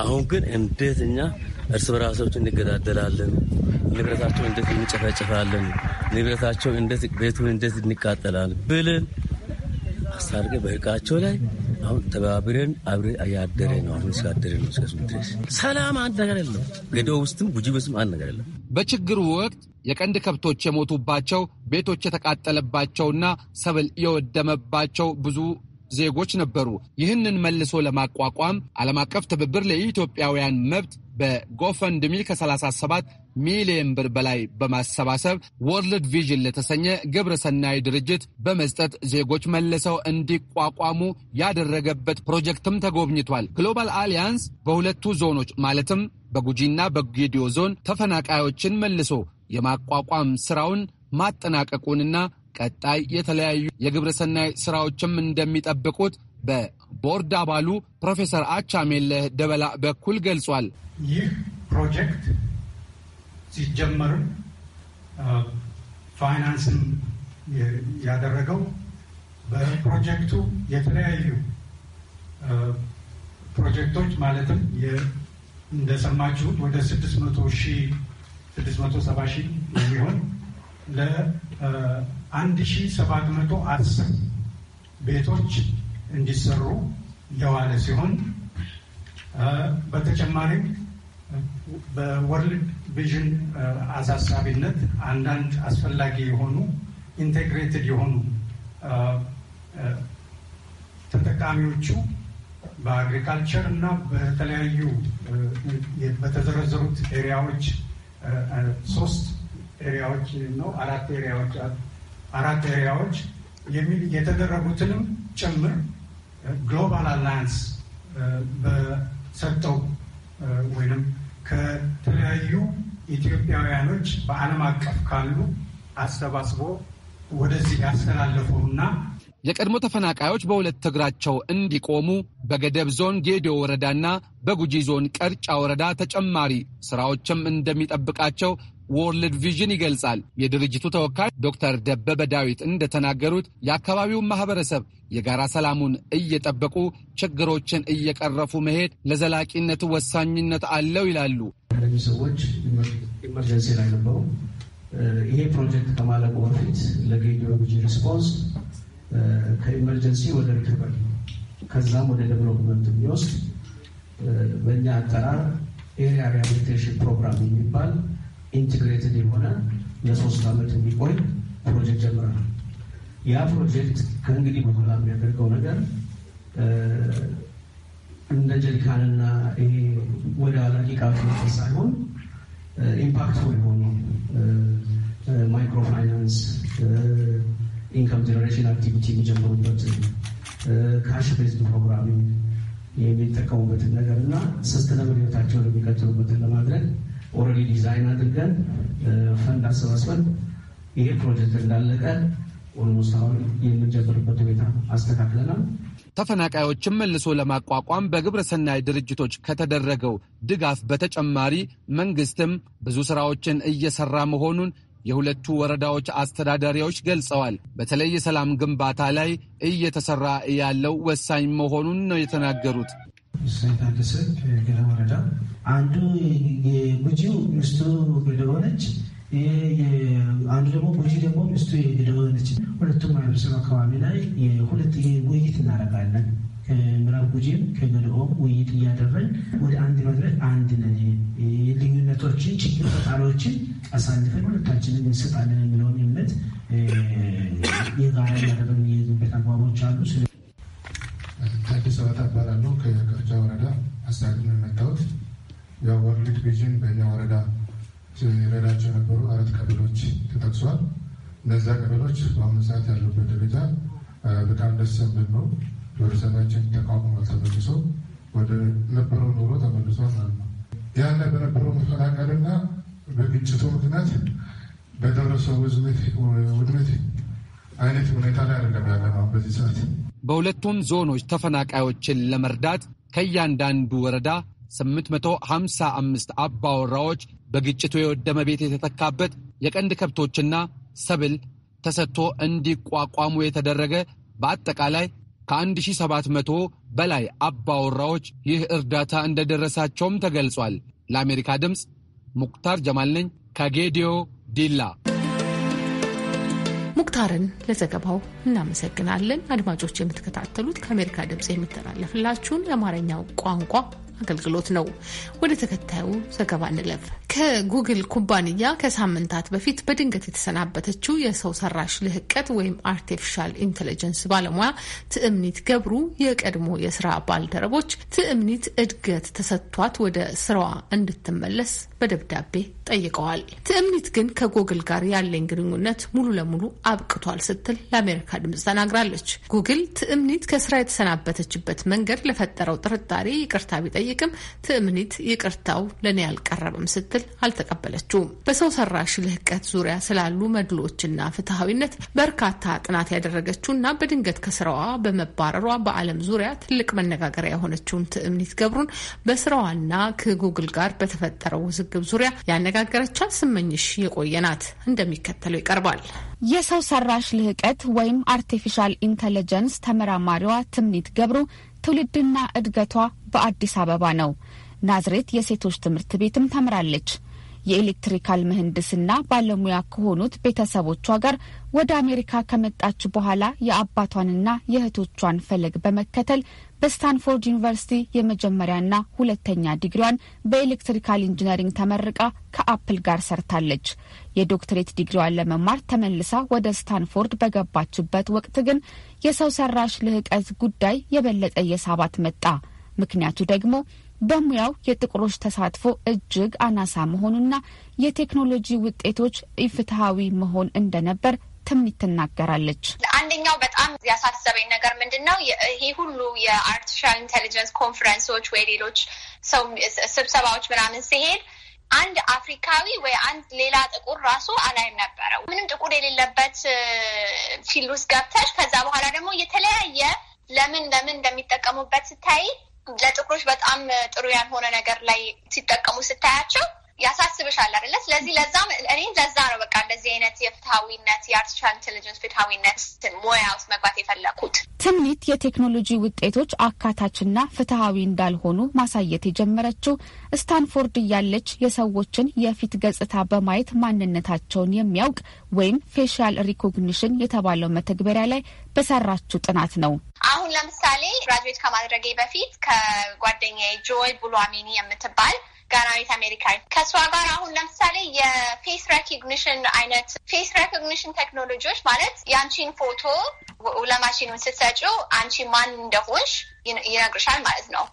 አሁን ግን እንዴት እኛ እርስ በራሳቸው እንገዳደላለን። ንብረታቸው እንዴት እንጨፈጨፋለን፣ ንብረታቸው እንዴት ቤቱን እንዴት እንቃጠላለን ብልን አስታርቀ በህቃቸው ላይ አሁን ተባብረን አብረ እያደረ ነው። አሁን እስካደረ ነው። እስከ ድረስ ሰላም አንድ ነገር የለም። ገደው ውስጥም ጉጂ ውስጥም አንድ ነገር የለም። በችግሩ ወቅት የቀንድ ከብቶች የሞቱባቸው ቤቶች የተቃጠለባቸውና ሰብል የወደመባቸው ብዙ ዜጎች ነበሩ። ይህንን መልሶ ለማቋቋም ዓለም አቀፍ ትብብር ለኢትዮጵያውያን መብት በጎፈንድሚ ከ37 ሚሊዮን ብር በላይ በማሰባሰብ ወርልድ ቪዥን ለተሰኘ ሰናይ ድርጅት በመስጠት ዜጎች መልሰው እንዲቋቋሙ ያደረገበት ፕሮጀክትም ተጎብኝቷል። ግሎባል አሊያንስ በሁለቱ ዞኖች ማለትም በጉጂና በጌዲዮ ዞን ተፈናቃዮችን መልሶ የማቋቋም ስራውን ማጠናቀቁንና ቀጣይ የተለያዩ የግብረሰናይ ስራዎችም እንደሚጠብቁት በቦርድ አባሉ ፕሮፌሰር አቻሜለህ ደበላ በኩል ገልጿል። ይህ ፕሮጀክት ሲጀመርም ፋይናንስን ያደረገው በፕሮጀክቱ የተለያዩ ፕሮጀክቶች ማለትም እንደሰማችሁት ወደ 670 ሺህ የሚሆን አንድ ሺ ሰባት መቶ አስር ቤቶች እንዲሰሩ የዋለ ሲሆን በተጨማሪም በወርልድ ቪዥን አሳሳቢነት አንዳንድ አስፈላጊ የሆኑ ኢንቴግሬትድ የሆኑ ተጠቃሚዎቹ በአግሪካልቸር እና በተለያዩ በተዘረዘሩት ኤሪያዎች ሶስት ኤሪያዎች ነው አራት ኤሪያዎች አራት ኤሪያዎች የተደረጉትንም ጭምር ግሎባል አላያንስ በሰጠው ወይም ከተለያዩ ኢትዮጵያውያኖች በዓለም አቀፍ ካሉ አሰባስቦ ወደዚህ ያስተላለፈውና የቀድሞ ተፈናቃዮች በሁለት እግራቸው እንዲቆሙ በገደብ ዞን ጌዲዮ ወረዳና በጉጂ ዞን ቀርጫ ወረዳ ተጨማሪ ስራዎችም እንደሚጠብቃቸው ወርልድ ቪዥን ይገልጻል። የድርጅቱ ተወካይ ዶክተር ደበበ ዳዊት እንደተናገሩት የአካባቢውን ማህበረሰብ የጋራ ሰላሙን እየጠበቁ ችግሮችን እየቀረፉ መሄድ ለዘላቂነት ወሳኝነት አለው ይላሉ። ሰዎች ኢመርጀንሲ ላይ ነበሩ። ይሄ ፕሮጀክት ከማለቁ በፊት ለጌዲዮ ቪዥን ሪስፖንስ ከኢመርጀንሲ ወደ ሪከቨሪ ከዛም ወደ ዴቨሎፕመንት የሚወስድ በእኛ አጠራር ኤሪያ ሪሃቢሊቴሽን ፕሮግራም የሚባል ኢንቴግሬትድ የሆነ ለሶስት ዓመት የሚቆይ ፕሮጀክት ጀምረናል። ያ ፕሮጀክት ከእንግዲህ በኋላ የሚያደርገው ነገር እንደ ጀሪካንና ይሄ ወደ አላቂ ቃት ሳይሆን ኢምፓክትፉ የሆኑ ማይክሮፋይናንስ ኢንካም ጀነሬሽን አክቲቪቲ የሚጀምሩበት ካሽ ቤዝድ ፕሮግራሚንግ የሚጠቀሙበትን ነገር እና ስስትነምን ህይወታቸውን የሚቀጥሉበትን ለማድረግ ኦልሬዲ ዲዛይን አድርገን ፈንድ አሰባስበን ይሄ ፕሮጀክት እንዳለቀ ኦልሞስት አሁን የምንጀምርበት ሁኔታ አስተካክለናል። ተፈናቃዮችን መልሶ ለማቋቋም በግብረ ሰናይ ድርጅቶች ከተደረገው ድጋፍ በተጨማሪ መንግስትም ብዙ ስራዎችን እየሰራ መሆኑን የሁለቱ ወረዳዎች አስተዳዳሪዎች ገልጸዋል። በተለይ የሰላም ግንባታ ላይ እየተሰራ ያለው ወሳኝ መሆኑን ነው የተናገሩት። ሳይ ታደሰ ገለም ወረዳ አንዱ የጉጂው ሚስቱ ገደሆነች፣ አንዱ ደግሞ ጉጂ ደግሞ ሚስቱ ገደሆነች። ሁለቱም ማህበረሰብ አካባቢ ላይ ሁለት ውይይት እናደርጋለን። ከምዕራብ ጉጂም ከገድኦም ውይይት እያደረግን ወደ አንድ መድረክ አንድ ነን፣ ልዩነቶችን፣ ችግር ፈጣሪዎችን አሳልፈን ሁለታችንን እንሰጣለን የሚለውን እምነት የጋራ እያደረግን የዝበት አግባቦች አሉ። ሰበት እባላለሁ። ከቀርጫ ወረዳ አሳቢ ነው የመጣሁት። ያው ወርልድ ቪዥን በእኛ ወረዳ ሲረዳቸው የነበሩ አራት ቀበሎች ተጠቅሷል። እነዚ ቀበሎች በአሁኑ ሰዓት ያሉበት ደረጃ በጣም ደስ የሚል ነው። ህብረተሰባችን ተቋቁሟል፣ ተመልሶ ወደ ነበረው ኑሮ ተመልሷል ማለት ነው። ያለ በነበረው መፈናቀልና በግጭቱ ምክንያት በደረሰው ውድመት አይነት ሁኔታ ላይ አይደለም ያለ ነው በዚህ ሰዓት። በሁለቱም ዞኖች ተፈናቃዮችን ለመርዳት ከእያንዳንዱ ወረዳ 855 አባወራዎች በግጭቱ የወደመ ቤት የተተካበት የቀንድ ከብቶችና ሰብል ተሰጥቶ እንዲቋቋሙ የተደረገ በአጠቃላይ ከ1700 በላይ አባወራዎች ይህ እርዳታ እንደደረሳቸውም ተገልጿል። ለአሜሪካ ድምፅ ሙክታር ጀማል ነኝ ከጌዲዮ ዲላ። ሙክታርን ለዘገባው እናመሰግናለን። አድማጮች የምትከታተሉት ከአሜሪካ ድምፅ የሚተላለፍላችሁን የአማርኛው ቋንቋ አገልግሎት ነው። ወደ ተከታዩ ዘገባ እንለፍ። ከጉግል ኩባንያ ከሳምንታት በፊት በድንገት የተሰናበተችው የሰው ሰራሽ ልህቀት ወይም አርቲፊሻል ኢንቴሊጀንስ ባለሙያ ትዕምኒት ገብሩ የቀድሞ የስራ ባልደረቦች ትዕምኒት እድገት ተሰጥቷት ወደ ስራዋ እንድትመለስ በደብዳቤ ጠይቀዋል። ትዕምኒት ግን ከጎግል ጋር ያለኝ ግንኙነት ሙሉ ለሙሉ አብቅቷል ስትል ለአሜሪካ ድምጽ ተናግራለች። ጉግል ትዕምኒት ከስራ የተሰናበተችበት መንገድ ለፈጠረው ጥርጣሬ ይቅርታ ቢጠይቅም ትዕምኒት ይቅርታው ለእኔ አልቀረበም ስትል አልተቀበለችውም። በሰው ሰራሽ ልህቀት ዙሪያ ስላሉ መድሎችና ፍትሐዊነት በርካታ ጥናት ያደረገችው እና በድንገት ከስራዋ በመባረሯ በዓለም ዙሪያ ትልቅ መነጋገሪያ የሆነችውን ትዕምኒት ገብሩን በስራዋና ከጉግል ጋር በተፈጠረው ውዝግ ውዝግብ ዙሪያ ያነጋገረቻት ስመኝሽ የቆየናት እንደሚከተለው ይቀርባል። የሰው ሰራሽ ልህቀት ወይም አርቲፊሻል ኢንተለጀንስ ተመራማሪዋ ትምኒት ገብሩ ትውልድና እድገቷ በአዲስ አበባ ነው። ናዝሬት የሴቶች ትምህርት ቤትም ተምራለች። የኤሌክትሪካል ምህንድስና ባለሙያ ከሆኑት ቤተሰቦቿ ጋር ወደ አሜሪካ ከመጣች በኋላ የአባቷንና የእህቶቿን ፈለግ በመከተል በስታንፎርድ ዩኒቨርሲቲ የመጀመሪያና ሁለተኛ ዲግሪዋን በኤሌክትሪካል ኢንጂነሪንግ ተመርቃ ከአፕል ጋር ሰርታለች። የዶክትሬት ዲግሪዋን ለመማር ተመልሳ ወደ ስታንፎርድ በገባችበት ወቅት ግን የሰው ሰራሽ ልህቀት ጉዳይ የበለጠ የሳባት መጣ። ምክንያቱ ደግሞ በሙያው የጥቁሮች ተሳትፎ እጅግ አናሳ መሆኑና የቴክኖሎጂ ውጤቶች ኢፍትሐዊ መሆን እንደነበር ትምኒት ትናገራለች። አንደኛው በጣም ያሳሰበኝ ነገር ምንድን ነው? ይሄ ሁሉ የአርቲፊሻል ኢንቴሊጀንስ ኮንፈረንሶች ወይ ሌሎች ሰው ስብሰባዎች ምናምን ሲሄድ አንድ አፍሪካዊ ወይ አንድ ሌላ ጥቁር ራሱ አላይም ነበረው። ምንም ጥቁር የሌለበት ፊልድ ውስጥ ገብተሽ ከዛ በኋላ ደግሞ የተለያየ ለምን ለምን እንደሚጠቀሙበት ስታይ ለጥቁሮች በጣም ጥሩ ያልሆነ ነገር ላይ ሲጠቀሙ ስታያቸው ያሳስብሻል አይደለ? ስለዚህ ለዛ እኔም ለዛ ነው በቃ እንደዚህ አይነት የፍትሐዊነት የአርቲፊሻል ኢንቴሊጀንስ ፍትሐዊነት ሙያ ውስጥ መግባት የፈለኩት። ትምኒት የቴክኖሎጂ ውጤቶች አካታችና ፍትሐዊ እንዳልሆኑ ማሳየት የጀመረችው ስታንፎርድ እያለች የሰዎችን የፊት ገጽታ በማየት ማንነታቸውን የሚያውቅ ወይም ፌሻል ሪኮግኒሽን የተባለው መተግበሪያ ላይ በሰራችው ጥናት ነው። አሁን ለምሳሌ ግራጁዌት ከማድረጌ በፊት ከጓደኛዬ ጆይ ቡሏሚኒ የምትባል ጋናዊት አሜሪካዊ ከእሷ ጋር አሁን ለምሳሌ የፌስ ሬኮግኒሽን አይነት ፌስ ሬኮግኒሽን ቴክኖሎጂዎች ማለት የአንቺን ፎቶ ለማሽኑን ስትሰጪው አንቺ ማን እንደሆንሽ ይነግርሻል ማለት ነው።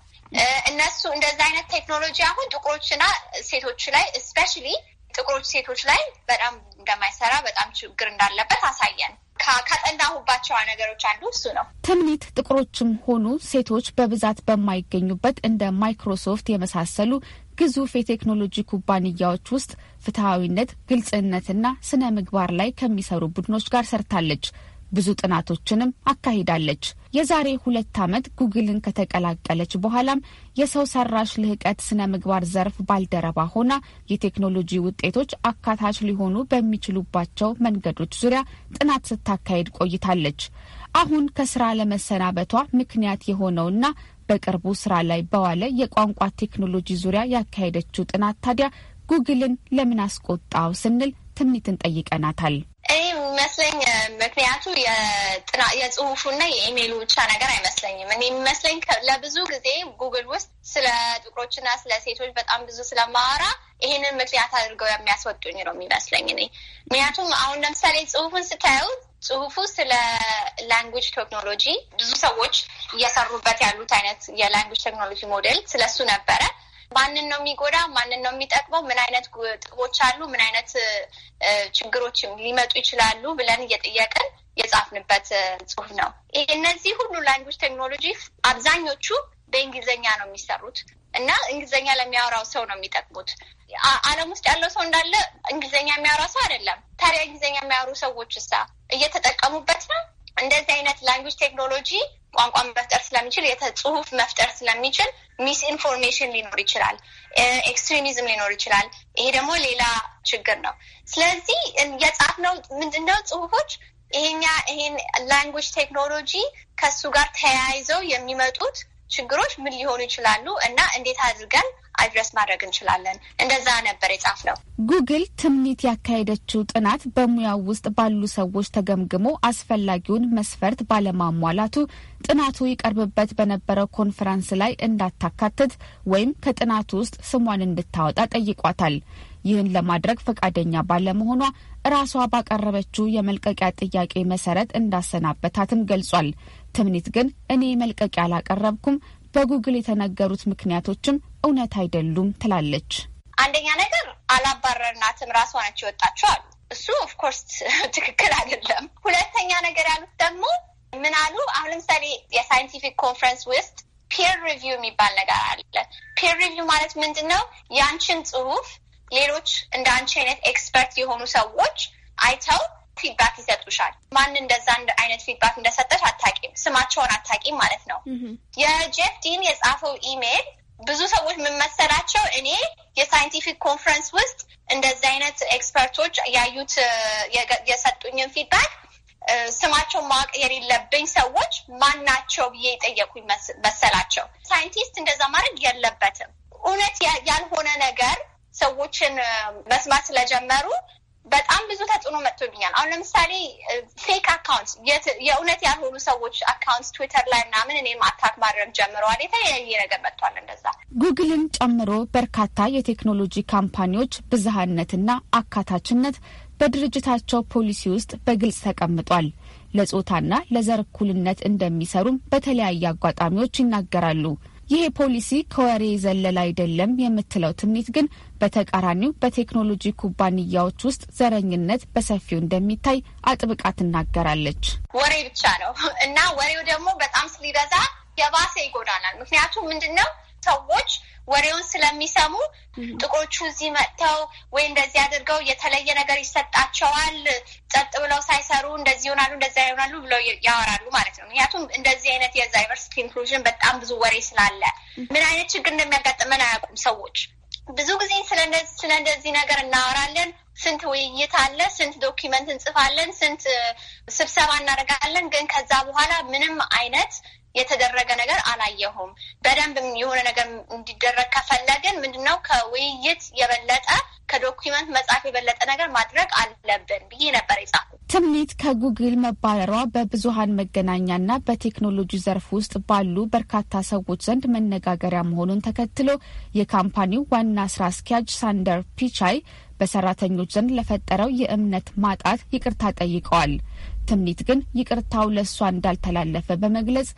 እነሱ እንደዚ አይነት ቴክኖሎጂ አሁን ጥቁሮችና ሴቶች ላይ እስፔሻሊ ጥቁሮች ሴቶች ላይ በጣም እንደማይሰራ በጣም ችግር እንዳለበት አሳየን። ካጠናሁባቸው ነገሮች አንዱ እሱ ነው። ትምኒት ጥቁሮችም ሆኑ ሴቶች በብዛት በማይገኙበት እንደ ማይክሮሶፍት የመሳሰሉ ግዙፍ የቴክኖሎጂ ኩባንያዎች ውስጥ ፍትሐዊነት፣ ግልጽነትና ስነ ምግባር ላይ ከሚሰሩ ቡድኖች ጋር ሰርታለች። ብዙ ጥናቶችንም አካሂዳለች። የዛሬ ሁለት ዓመት ጉግልን ከተቀላቀለች በኋላም የሰው ሰራሽ ልህቀት ስነ ምግባር ዘርፍ ባልደረባ ሆና የቴክኖሎጂ ውጤቶች አካታች ሊሆኑ በሚችሉባቸው መንገዶች ዙሪያ ጥናት ስታካሄድ ቆይታለች። አሁን ከስራ ለመሰናበቷ ምክንያት የሆነውና በቅርቡ ስራ ላይ በዋለ የቋንቋ ቴክኖሎጂ ዙሪያ ያካሄደችው ጥናት ታዲያ ጉግልን ለምን አስቆጣው ስንል ትምኒትን ጠይቀናታል። እኔ የሚመስለኝ ምክንያቱ የጽሁፉና የኢሜይሉ ብቻ ነገር አይመስለኝም። እኔ የሚመስለኝ ለብዙ ጊዜ ጉግል ውስጥ ስለ ጥቁሮችና ስለ ሴቶች በጣም ብዙ ስለማወራ ይሄንን ምክንያት አድርገው የሚያስወጡኝ ነው የሚመስለኝ እኔ። ምክንያቱም አሁን ለምሳሌ ጽሁፉን ስታዩ ጽሁፉ ስለ ላንጉጅ ቴክኖሎጂ ብዙ ሰዎች እየሰሩበት ያሉት አይነት የላንጉጅ ቴክኖሎጂ ሞዴል ስለሱ ነበረ። ማንን ነው የሚጎዳ፣ ማንን ነው የሚጠቅመው፣ ምን አይነት ጥቅሞች አሉ፣ ምን አይነት ችግሮች ሊመጡ ይችላሉ ብለን እየጠየቅን የጻፍንበት ጽሁፍ ነው። እነዚህ ሁሉ ላንጉጅ ቴክኖሎጂ አብዛኞቹ በእንግሊዝኛ ነው የሚሰሩት እና እንግሊዝኛ ለሚያወራው ሰው ነው የሚጠቅሙት። ዓለም ውስጥ ያለው ሰው እንዳለ እንግሊዝኛ የሚያወራ ሰው አይደለም። ታዲያ እንግሊዝኛ የሚያወሩ ሰዎች እሳ እየተጠቀሙበት ነው። እንደዚህ አይነት ላንጉጅ ቴክኖሎጂ ቋንቋ መፍጠር ስለሚችል ጽሁፍ መፍጠር ስለሚችል ሚስ ኢንፎርሜሽን ሊኖር ይችላል፣ ኤክስትሪሚዝም ሊኖር ይችላል። ይሄ ደግሞ ሌላ ችግር ነው። ስለዚህ የጻፍነው ምንድነው ጽሁፎች ይሄኛ ይሄን ላንጉጅ ቴክኖሎጂ ከሱ ጋር ተያይዘው የሚመጡት ችግሮች ምን ሊሆኑ ይችላሉ እና እንዴት አድርገን አድረስ ማድረግ እንችላለን። እንደዛ ነበር የጻፍነው። ጉግል ትምኒት ያካሄደችው ጥናት በሙያው ውስጥ ባሉ ሰዎች ተገምግሞ አስፈላጊውን መስፈርት ባለማሟላቱ ጥናቱ ይቀርብበት በነበረው ኮንፈረንስ ላይ እንዳታካትት ወይም ከጥናቱ ውስጥ ስሟን እንድታወጣ ጠይቋታል። ይህን ለማድረግ ፈቃደኛ ባለመሆኗ ራሷ ባቀረበችው የመልቀቂያ ጥያቄ መሰረት እንዳሰናበታትም ገልጿል። ትምኒት ግን እኔ መልቀቂያ አላቀረብኩም፣ በጉግል የተነገሩት ምክንያቶችም እውነት አይደሉም ትላለች። አንደኛ ነገር አላባረርናትም፣ ራሷ ነች የወጣችው አሉ። እሱ ኦፍኮርስ <laughs> ትክክል አይደለም። ሁለተኛ ነገር ያሉት ደግሞ ምን አሉ? አሁን ለምሳሌ የሳይንቲፊክ ኮንፈረንስ ውስጥ ፒር ሪቪው የሚባል ነገር አለ። ፒር ሪቪው ማለት ምንድን ነው? ያንችን ጽሁፍ ሌሎች እንደ አንቺ አይነት ኤክስፐርት የሆኑ ሰዎች አይተው ፊድባክ ይሰጡሻል። ማን እንደዛ አይነት ፊድባክ እንደሰጠሽ አታቂም፣ ስማቸውን አታቂም ማለት ነው። የጄፍ ዲን የጻፈው ኢሜይል ብዙ ሰዎች የምመሰላቸው እኔ የሳይንቲፊክ ኮንፈረንስ ውስጥ እንደዚህ አይነት ኤክስፐርቶች ያዩት የሰጡኝን ፊድባክ ስማቸውን ማወቅ የሌለብኝ ሰዎች ማናቸው ብዬ የጠየቁኝ መሰላቸው። ሳይንቲስት እንደዛ ማድረግ የለበትም። እውነት ያልሆነ ነገር ሰዎችን መስማት ስለጀመሩ በጣም ብዙ ተጽዕኖ መጥቶብኛል። አሁን ለምሳሌ ፌክ አካውንት የእውነት ያልሆኑ ሰዎች አካውንት ትዊተር ላይ ምናምን እኔም አታክ ማድረግ ጀምረዋል። የተለያየ ነገር መጥቷል። እንደዛ ጉግልን ጨምሮ በርካታ የቴክኖሎጂ ካምፓኒዎች ብዝሃነትና አካታችነት በድርጅታቸው ፖሊሲ ውስጥ በግልጽ ተቀምጧል። ለጾታና ለዘር እኩልነት እንደሚሰሩም በተለያየ አጋጣሚዎች ይናገራሉ። ይሄ ፖሊሲ ከወሬ ዘለል አይደለም የምትለው ትምኒት ግን በተቃራኒው በቴክኖሎጂ ኩባንያዎች ውስጥ ዘረኝነት በሰፊው እንደሚታይ አጥብቃ ትናገራለች። ወሬ ብቻ ነው እና ወሬው ደግሞ በጣም ስሊበዛ የባሰ ይጎዳናል። ምክንያቱም ምንድን ነው ሰዎች ወሬውን ስለሚሰሙ ጥቁሮቹ እዚህ መጥተው ወይ እንደዚህ አድርገው የተለየ ነገር ይሰጣቸዋል፣ ጸጥ ብለው ሳይሰሩ እንደዚህ ይሆናሉ፣ እንደዚያ ይሆናሉ ብለው ያወራሉ ማለት ነው። ምክንያቱ ኢንክሉዥን በጣም ብዙ ወሬ ስላለ ምን አይነት ችግር እንደሚያጋጥመን አያውቁም ሰዎች። ብዙ ጊዜ ስለ እንደዚህ ነገር እናወራለን። ስንት ውይይት አለ፣ ስንት ዶኪመንት እንጽፋለን፣ ስንት ስብሰባ እናደርጋለን። ግን ከዛ በኋላ ምንም አይነት የተደረገ ነገር አላየሁም። በደንብ የሆነ ነገር እንዲደረግ ከፈለግን ምንድነው ከውይይት የበለጠ ከዶኪመንት መጽሐፍ የበለጠ ነገር ማድረግ አለብን ብዬ ነበር የጻፉ። ትምኒት ከጉግል መባረሯ በብዙሀን መገናኛና በቴክኖሎጂ ዘርፍ ውስጥ ባሉ በርካታ ሰዎች ዘንድ መነጋገሪያ መሆኑን ተከትሎ የካምፓኒው ዋና ስራ አስኪያጅ ሳንደር ፒቻይ በሰራተኞች ዘንድ ለፈጠረው የእምነት ማጣት ይቅርታ ጠይቀዋል። ትምኒት ግን ይቅርታው ለእሷ እንዳልተላለፈ በመግለጽ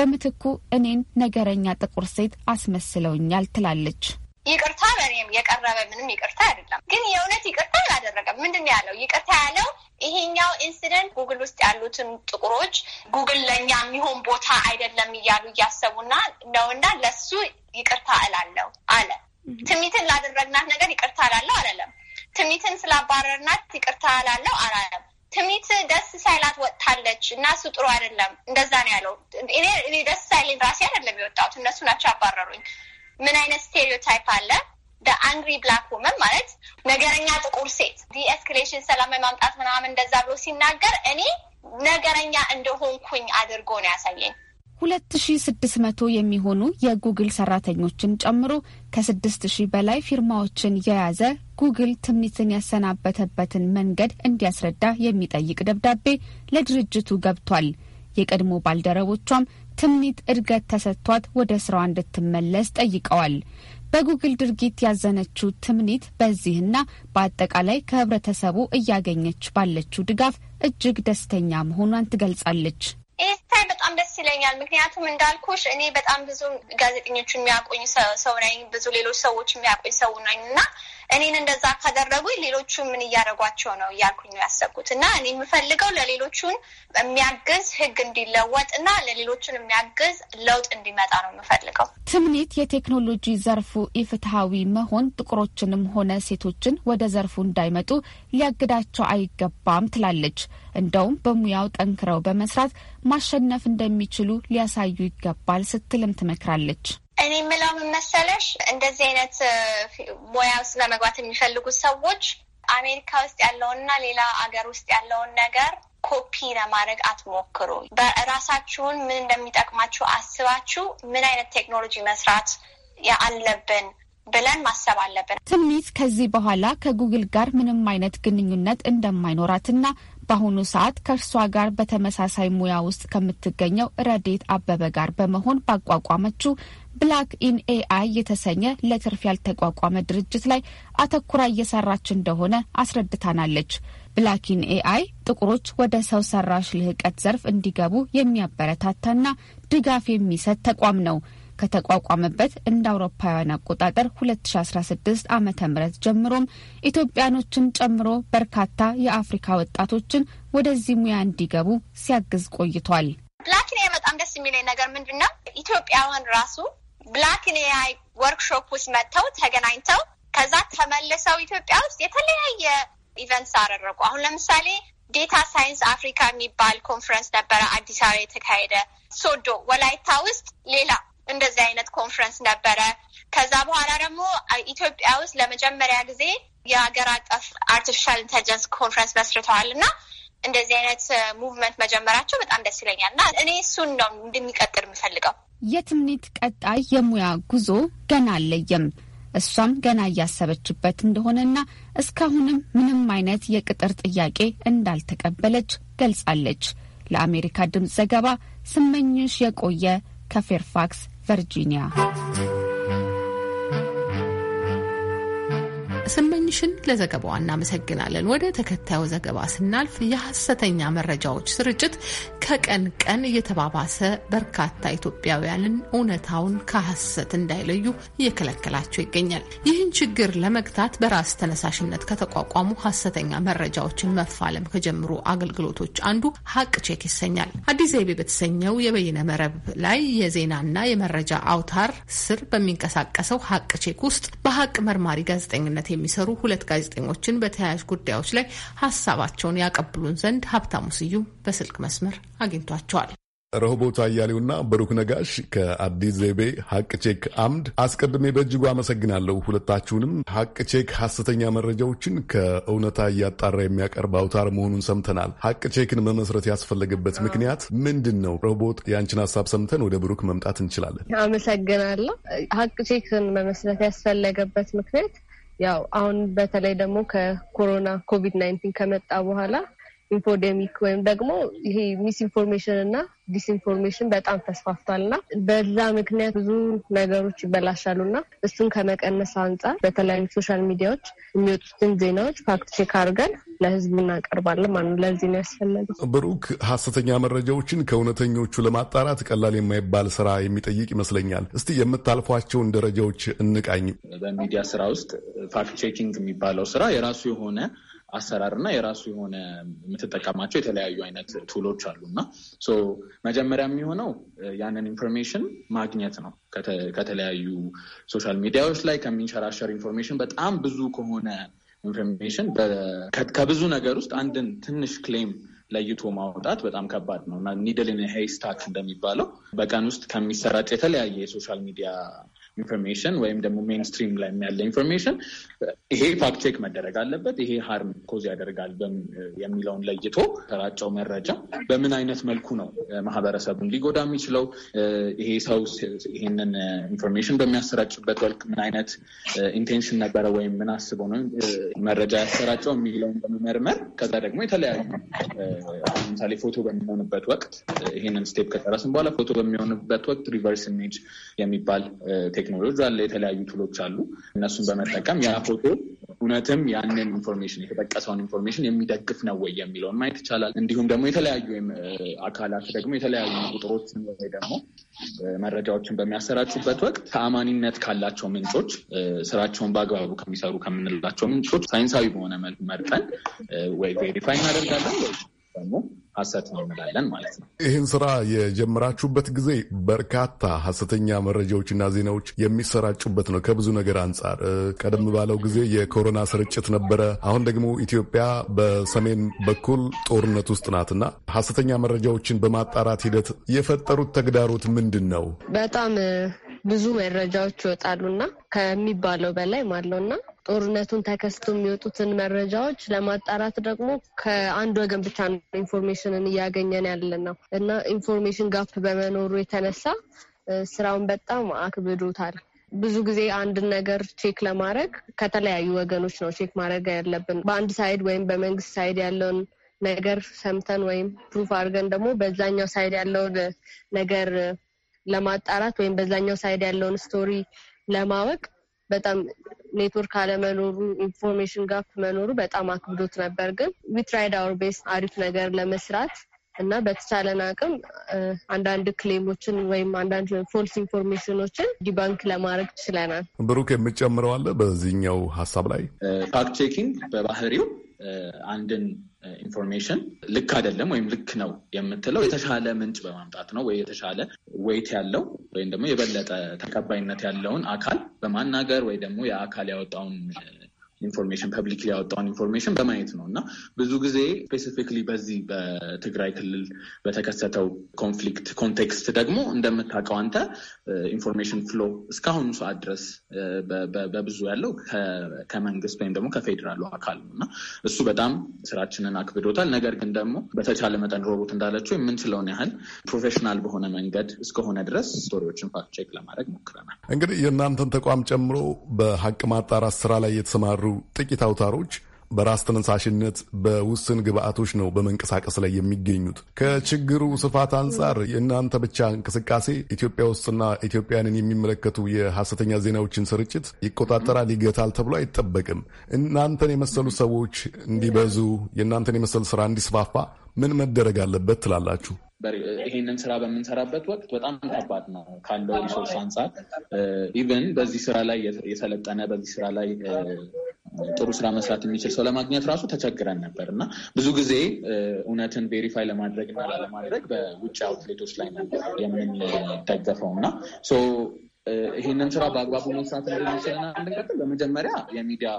በምትኩ እኔን ነገረኛ ጥቁር ሴት አስመስለውኛል ትላለች። ይቅርታ በእኔም የቀረበ ምንም ይቅርታ አይደለም፣ ግን የእውነት ይቅርታ አላደረገም። ምንድን ነው ያለው? ይቅርታ ያለው ይሄኛው ኢንሲደንት ጉግል ውስጥ ያሉትን ጥቁሮች ጉግል ለእኛ የሚሆን ቦታ አይደለም እያሉ እያሰቡና እና ለሱ ይቅርታ እላለው አለ። ትሚትን ላደረግናት ነገር ይቅርታ እላለሁ አላለም። ትሚትን ስላባረርናት ይቅርታ እላለሁ አላለም። ትሚት ደስ ሳይላት ወጥታለች እና እሱ ጥሩ አይደለም፣ እንደዛ ነው ያለው። እኔ ደስ ሳይለኝ ራሴ አይደለም የወጣሁት፣ እነሱ ናቸው አባረሩኝ ምን አይነት ስቴሪዮታይፕ አለ? አንግሪ ብላክ ውመን ማለት ነገረኛ ጥቁር ሴት ዲኤስክሌሽን፣ ሰላም የማምጣት ምናምን እንደዛ ብሎ ሲናገር እኔ ነገረኛ እንደሆንኩኝ አድርጎ ነው ያሳየኝ። ሁለት ሺ ስድስት መቶ የሚሆኑ የጉግል ሰራተኞችን ጨምሮ ከስድስት ሺህ በላይ ፊርማዎችን የያዘ ጉግል ትምኒትን ያሰናበተበትን መንገድ እንዲያስረዳ የሚጠይቅ ደብዳቤ ለድርጅቱ ገብቷል። የቀድሞ ባልደረቦቿም ትምኒት እድገት ተሰጥቷት ወደ ስራዋ እንድትመለስ ጠይቀዋል። በጉግል ድርጊት ያዘነችው ትምኒት በዚህና በአጠቃላይ ከህብረተሰቡ እያገኘች ባለችው ድጋፍ እጅግ ደስተኛ መሆኗን ትገልጻለች። ይታይ በጣም ደስ ይለኛል። ምክንያቱም እንዳልኩሽ እኔ በጣም ብዙ ጋዜጠኞቹ የሚያቆኝ ሰው ነኝ፣ ብዙ ሌሎች ሰዎች የሚያውቁኝ ሰው ነኝ እና እኔን እንደዛ ካደረጉኝ ሌሎቹ ምን እያደረጓቸው ነው እያልኩኝ ነው ያሰብኩት እና እኔ የምፈልገው ለሌሎቹን የሚያግዝ ህግ እንዲለወጥ እና ለሌሎቹን የሚያግዝ ለውጥ እንዲመጣ ነው የምፈልገው። ትምኒት የቴክኖሎጂ ዘርፉ ኢፍትሐዊ መሆን ጥቁሮችንም ሆነ ሴቶችን ወደ ዘርፉ እንዳይመጡ ሊያግዳቸው አይገባም ትላለች። እንደውም በሙያው ጠንክረው በመስራት ማሸነፍ እንደሚችሉ ሊያሳዩ ይገባል ስትልም ትመክራለች። እኔ የምለው ምን መሰለሽ፣ እንደዚህ አይነት ሙያ ውስጥ ለመግባት የሚፈልጉ ሰዎች አሜሪካ ውስጥ ያለውንና ሌላ አገር ውስጥ ያለውን ነገር ኮፒ ለማድረግ አትሞክሩ። በራሳችሁን ምን እንደሚጠቅማችሁ አስባችሁ ምን አይነት ቴክኖሎጂ መስራት አለብን ብለን ማሰብ አለብን። ትምኒት ከዚህ በኋላ ከጉግል ጋር ምንም አይነት ግንኙነት እንደማይኖራትና በአሁኑ ሰዓት ከእርሷ ጋር በተመሳሳይ ሙያ ውስጥ ከምትገኘው ረዴት አበበ ጋር በመሆን ባቋቋመችው ብላክ ኢን ኤአይ የተሰኘ ለትርፍ ያልተቋቋመ ድርጅት ላይ አተኩራ እየሰራች እንደሆነ አስረድታናለች። ብላኪን ኤአይ ጥቁሮች ወደ ሰው ሰራሽ ልህቀት ዘርፍ እንዲገቡ የሚያበረታታና ድጋፍ የሚሰጥ ተቋም ነው። ከተቋቋመበት እንደ አውሮፓውያን አቆጣጠር 2016 ዓ ም ጀምሮም ኢትዮጵያኖችን ጨምሮ በርካታ የአፍሪካ ወጣቶችን ወደዚህ ሙያ እንዲገቡ ሲያግዝ ቆይቷል። ብላኪን በጣም ደስ የሚለኝ ነገር ምንድን ነው? ኢትዮጵያውያን ራሱ ብላቲኒያ ወርክሾፕ ውስጥ መጥተው ተገናኝተው ከዛ ተመልሰው ኢትዮጵያ ውስጥ የተለያየ ኢቨንትስ አደረጉ። አሁን ለምሳሌ ዴታ ሳይንስ አፍሪካ የሚባል ኮንፈረንስ ነበረ አዲስ አበባ የተካሄደ። ሶዶ ወላይታ ውስጥ ሌላ እንደዚህ አይነት ኮንፈረንስ ነበረ። ከዛ በኋላ ደግሞ ኢትዮጵያ ውስጥ ለመጀመሪያ ጊዜ የሀገር አቀፍ አርቲፊሻል ኢንቴሊጀንስ ኮንፈረንስ መስርተዋል እና እንደዚህ አይነት ሙቭመንት መጀመራቸው በጣም ደስ ይለኛል እና እኔ እሱን ነው እንደሚቀጥል የምፈልገው። የትምኒት ቀጣይ የሙያ ጉዞ ገና አለየም። እሷም ገና እያሰበችበት እንደሆነና እስካሁንም ምንም አይነት የቅጥር ጥያቄ እንዳልተቀበለች ገልጻለች። ለአሜሪካ ድምፅ ዘገባ ስመኝሽ የቆየ ከፌርፋክስ ቨርጂኒያ ስመኝሽን ለዘገባዋ እናመሰግናለን። ወደ ተከታዩ ዘገባ ስናልፍ የሐሰተኛ መረጃዎች ስርጭት ከቀን ቀን እየተባባሰ በርካታ ኢትዮጵያውያንን እውነታውን ከሐሰት እንዳይለዩ እየከለከላቸው ይገኛል። ይህን ችግር ለመግታት በራስ ተነሳሽነት ከተቋቋሙ ሐሰተኛ መረጃዎችን መፋለም ከጀምሩ አገልግሎቶች አንዱ ሀቅ ቼክ ይሰኛል። አዲስ ዘይቤ በተሰኘው የበይነ መረብ ላይ የዜናና የመረጃ አውታር ስር በሚንቀሳቀሰው ሀቅ ቼክ ውስጥ በሀቅ መርማሪ ጋዜጠኝነት የሚሰሩ ሁለት ጋዜጠኞችን በተያያዥ ጉዳዮች ላይ ሀሳባቸውን ያቀብሉን ዘንድ ሀብታሙ ስዩም በስልክ መስመር አግኝቷቸዋል። ረሆቦት አያሌውና በሩክ ነጋሽ ከአዲስ ዘይቤ ሀቅ ቼክ አምድ አስቀድሜ በእጅጉ አመሰግናለሁ። ሁለታችሁንም ሀቅ ቼክ ሀሰተኛ መረጃዎችን ከእውነታ እያጣራ የሚያቀርብ አውታር መሆኑን ሰምተናል። ሀቅ ቼክን መመስረት ያስፈለገበት ምክንያት ምንድን ነው? ረሆቦት፣ የአንችን ሀሳብ ሰምተን ወደ ብሩክ መምጣት እንችላለን። አመሰግናለሁ። ሀቅ ቼክን መመስረት ያስፈለገበት ምክንያት ያው አሁን በተለይ ደግሞ ከኮሮና ኮቪድ ናይንቲን ከመጣ በኋላ ኢንፎደሚክ ወይም ደግሞ ይሄ ሚስኢንፎርሜሽን እና ዲስኢንፎርሜሽን በጣም ተስፋፍቷል እና በዛ ምክንያት ብዙ ነገሮች ይበላሻሉ እና እሱን ከመቀነስ አንጻር በተለያዩ ሶሻል ሚዲያዎች የሚወጡትን ዜናዎች ፋክት ቼክ አድርገን ለህዝቡ እናቀርባለን ማለት ነው። ለዚህ ነው ያስፈለገው። ብሩክ፣ ሀሰተኛ መረጃዎችን ከእውነተኞቹ ለማጣራት ቀላል የማይባል ስራ የሚጠይቅ ይመስለኛል። እስቲ የምታልፏቸውን ደረጃዎች እንቃኝ። በሚዲያ ስራ ውስጥ ፋክት ቼኪንግ የሚባለው ስራ የራሱ የሆነ አሰራር እና የራሱ የሆነ የምትጠቀማቸው የተለያዩ አይነት ቱሎች አሉ እና መጀመሪያ የሚሆነው ያንን ኢንፎርሜሽን ማግኘት ነው። ከተለያዩ ሶሻል ሚዲያዎች ላይ ከሚንሸራሸር ኢንፎርሜሽን በጣም ብዙ ከሆነ ኢንፎርሜሽን ከብዙ ነገር ውስጥ አንድን ትንሽ ክሌም ለይቶ ማውጣት በጣም ከባድ ነው እና ኒድል ሄይስታክ እንደሚባለው በቀን ውስጥ ከሚሰራጭ የተለያየ የሶሻል ሚዲያ ኢንፎርሜሽን ወይም ደግሞ ሜንስትሪም ላይ ያለ ኢንፎርሜሽን ይሄ ፋክቼክ ቼክ መደረግ አለበት፣ ይሄ ሀርም ኮዝ ያደርጋል የሚለውን ለይቶ ተራጨው መረጃ በምን አይነት መልኩ ነው ማህበረሰቡን ሊጎዳ የሚችለው? ይሄ ሰው ይሄንን ኢንፎርሜሽን በሚያሰራጭበት ወልክ ምን አይነት ኢንቴንሽን ነበረ ወይም ምን አስቦ ነው መረጃ ያሰራጨው የሚለውን በመመርመር ከዛ ደግሞ የተለያዩ ለምሳሌ ፎቶ በሚሆንበት ወቅት ይሄንን ስቴፕ ከጨረስን በኋላ ፎቶ በሚሆንበት ወቅት ሪቨርስ ኢሜጅ የሚባል ቴክ uh, ቴክኖሎጂ አለ፣ የተለያዩ ቱሎች አሉ። እነሱን በመጠቀም ያ ፎቶ እውነትም ያንን ኢንፎርሜሽን የተጠቀሰውን ኢንፎርሜሽን የሚደግፍ ነው ወይ የሚለውን ማየት ይቻላል። እንዲሁም ደግሞ የተለያዩ አካላት ደግሞ የተለያዩ ቁጥሮችን ወይ ደግሞ መረጃዎችን በሚያሰራጩበት ወቅት ተአማኒነት ካላቸው ምንጮች፣ ስራቸውን በአግባቡ ከሚሰሩ ከምንላቸው ምንጮች ሳይንሳዊ በሆነ መልኩ መርጠን ወይ ቬሪፋይ እናደርጋለን ወይ ደግሞ ሀሰት ነው እንላለን ማለት ነው። ይህን ስራ የጀመራችሁበት ጊዜ በርካታ ሀሰተኛ መረጃዎችና ዜናዎች የሚሰራጩበት ነው። ከብዙ ነገር አንጻር ቀደም ባለው ጊዜ የኮሮና ስርጭት ነበረ። አሁን ደግሞ ኢትዮጵያ በሰሜን በኩል ጦርነት ውስጥ ናትና ሀሰተኛ መረጃዎችን በማጣራት ሂደት የፈጠሩት ተግዳሮት ምንድን ነው? በጣም ብዙ መረጃዎች ይወጣሉና ከሚባለው በላይ ማለውና ጦርነቱን ተከስቶ የሚወጡትን መረጃዎች ለማጣራት ደግሞ ከአንድ ወገን ብቻ ነው ኢንፎርሜሽንን እያገኘን ያለን ነው እና ኢንፎርሜሽን ጋፕ በመኖሩ የተነሳ ስራውን በጣም አክብዶታል። ብዙ ጊዜ አንድን ነገር ቼክ ለማድረግ ከተለያዩ ወገኖች ነው ቼክ ማድረግ ያለብን። በአንድ ሳይድ ወይም በመንግስት ሳይድ ያለውን ነገር ሰምተን ወይም ፕሩፍ አድርገን ደግሞ በዛኛው ሳይድ ያለውን ነገር ለማጣራት ወይም በዛኛው ሳይድ ያለውን ስቶሪ ለማወቅ በጣም ኔትወርክ አለመኖሩ ኢንፎርሜሽን ጋፕ መኖሩ በጣም አክብዶት ነበር። ግን ዊትራይድ አውር ቤስ አሪፍ ነገር ለመስራት እና በተቻለን አቅም አንዳንድ ክሌሞችን ወይም አንዳንድ ፎልስ ኢንፎርሜሽኖችን ዲባንክ ለማድረግ ችለናል። ብሩክ የምጨምረው አለ በዚህኛው ሀሳብ ላይ ፋክት ቼኪንግ በባህሪው አንድን ኢንፎርሜሽን ልክ አይደለም ወይም ልክ ነው የምትለው የተሻለ ምንጭ በማምጣት ነው ወይ የተሻለ ወይት ያለው ወይም ደግሞ የበለጠ ተቀባይነት ያለውን አካል በማናገር ወይ ደግሞ የአካል ያወጣውን ኢንፎርሜሽን ፐብሊክ ያወጣውን ኢንፎርሜሽን በማየት ነው እና ብዙ ጊዜ ስፔሲፊክሊ በዚህ በትግራይ ክልል በተከሰተው ኮንፍሊክት ኮንቴክስት ደግሞ እንደምታውቀው አንተ ኢንፎርሜሽን ፍሎ እስካሁኑ ሰዓት ድረስ በብዙ ያለው ከመንግስት ወይም ደግሞ ከፌዴራሉ አካል ነው እና እሱ በጣም ስራችንን አክብዶታል። ነገር ግን ደግሞ በተቻለ መጠን ሮቦት እንዳለችው የምንችለውን ያህል ፕሮፌሽናል በሆነ መንገድ እስከሆነ ድረስ ስቶሪዎችን ፋክት ቼክ ለማድረግ ሞክረናል። እንግዲህ የእናንተን ተቋም ጨምሮ በሀቅ ማጣራት ስራ ላይ የተሰማሩ ጥቂት አውታሮች በራስ ተነሳሽነት በውስን ግብአቶች ነው በመንቀሳቀስ ላይ የሚገኙት። ከችግሩ ስፋት አንጻር የእናንተ ብቻ እንቅስቃሴ ኢትዮጵያ ውስጥና ኢትዮጵያንን የሚመለከቱ የሐሰተኛ ዜናዎችን ስርጭት ይቆጣጠራል፣ ይገታል ተብሎ አይጠበቅም። እናንተን የመሰሉ ሰዎች እንዲበዙ፣ የእናንተን የመሰሉ ስራ እንዲስፋፋ ምን መደረግ አለበት ትላላችሁ? ይሄንን ስራ በምንሰራበት ወቅት በጣም ከባድ ነው ካለው ሪሶርስ አንጻር። ኢቨን በዚህ ስራ ላይ የሰለጠነ በዚህ ስራ ላይ ጥሩ ስራ መስራት የሚችል ሰው ለማግኘት ራሱ ተቸግረን ነበር እና ብዙ ጊዜ እውነትን ቬሪፋይ ለማድረግ እና ላለማድረግ በውጭ አውትሌቶች ላይ ነው የምንደገፈው እና ይህንን ስራ በአግባቡ መስራት እንድንችልና እንድንቀጥል በመጀመሪያ የሚዲያ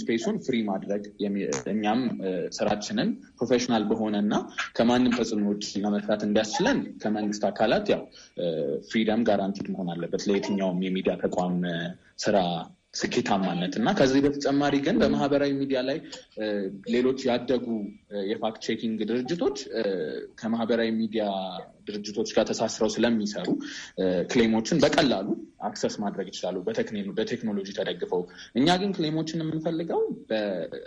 ስፔሱን ፍሪ ማድረግ እኛም ስራችንን ፕሮፌሽናል በሆነ እና ከማንም ተጽዕኖዎች ለመፍታት እንዲያስችለን ከመንግስት አካላት ያው ፍሪደም ጋራንቲድ መሆን አለበት ለየትኛውም የሚዲያ ተቋም ስራ ስኬታማነት እና ከዚህ በተጨማሪ ግን በማህበራዊ ሚዲያ ላይ ሌሎች ያደጉ የፋክት ቼኪንግ ድርጅቶች ከማህበራዊ ሚዲያ ድርጅቶች ጋር ተሳስረው ስለሚሰሩ ክሌሞችን በቀላሉ አክሰስ ማድረግ ይችላሉ በቴክኖሎጂ ተደግፈው። እኛ ግን ክሌሞችን የምንፈልገው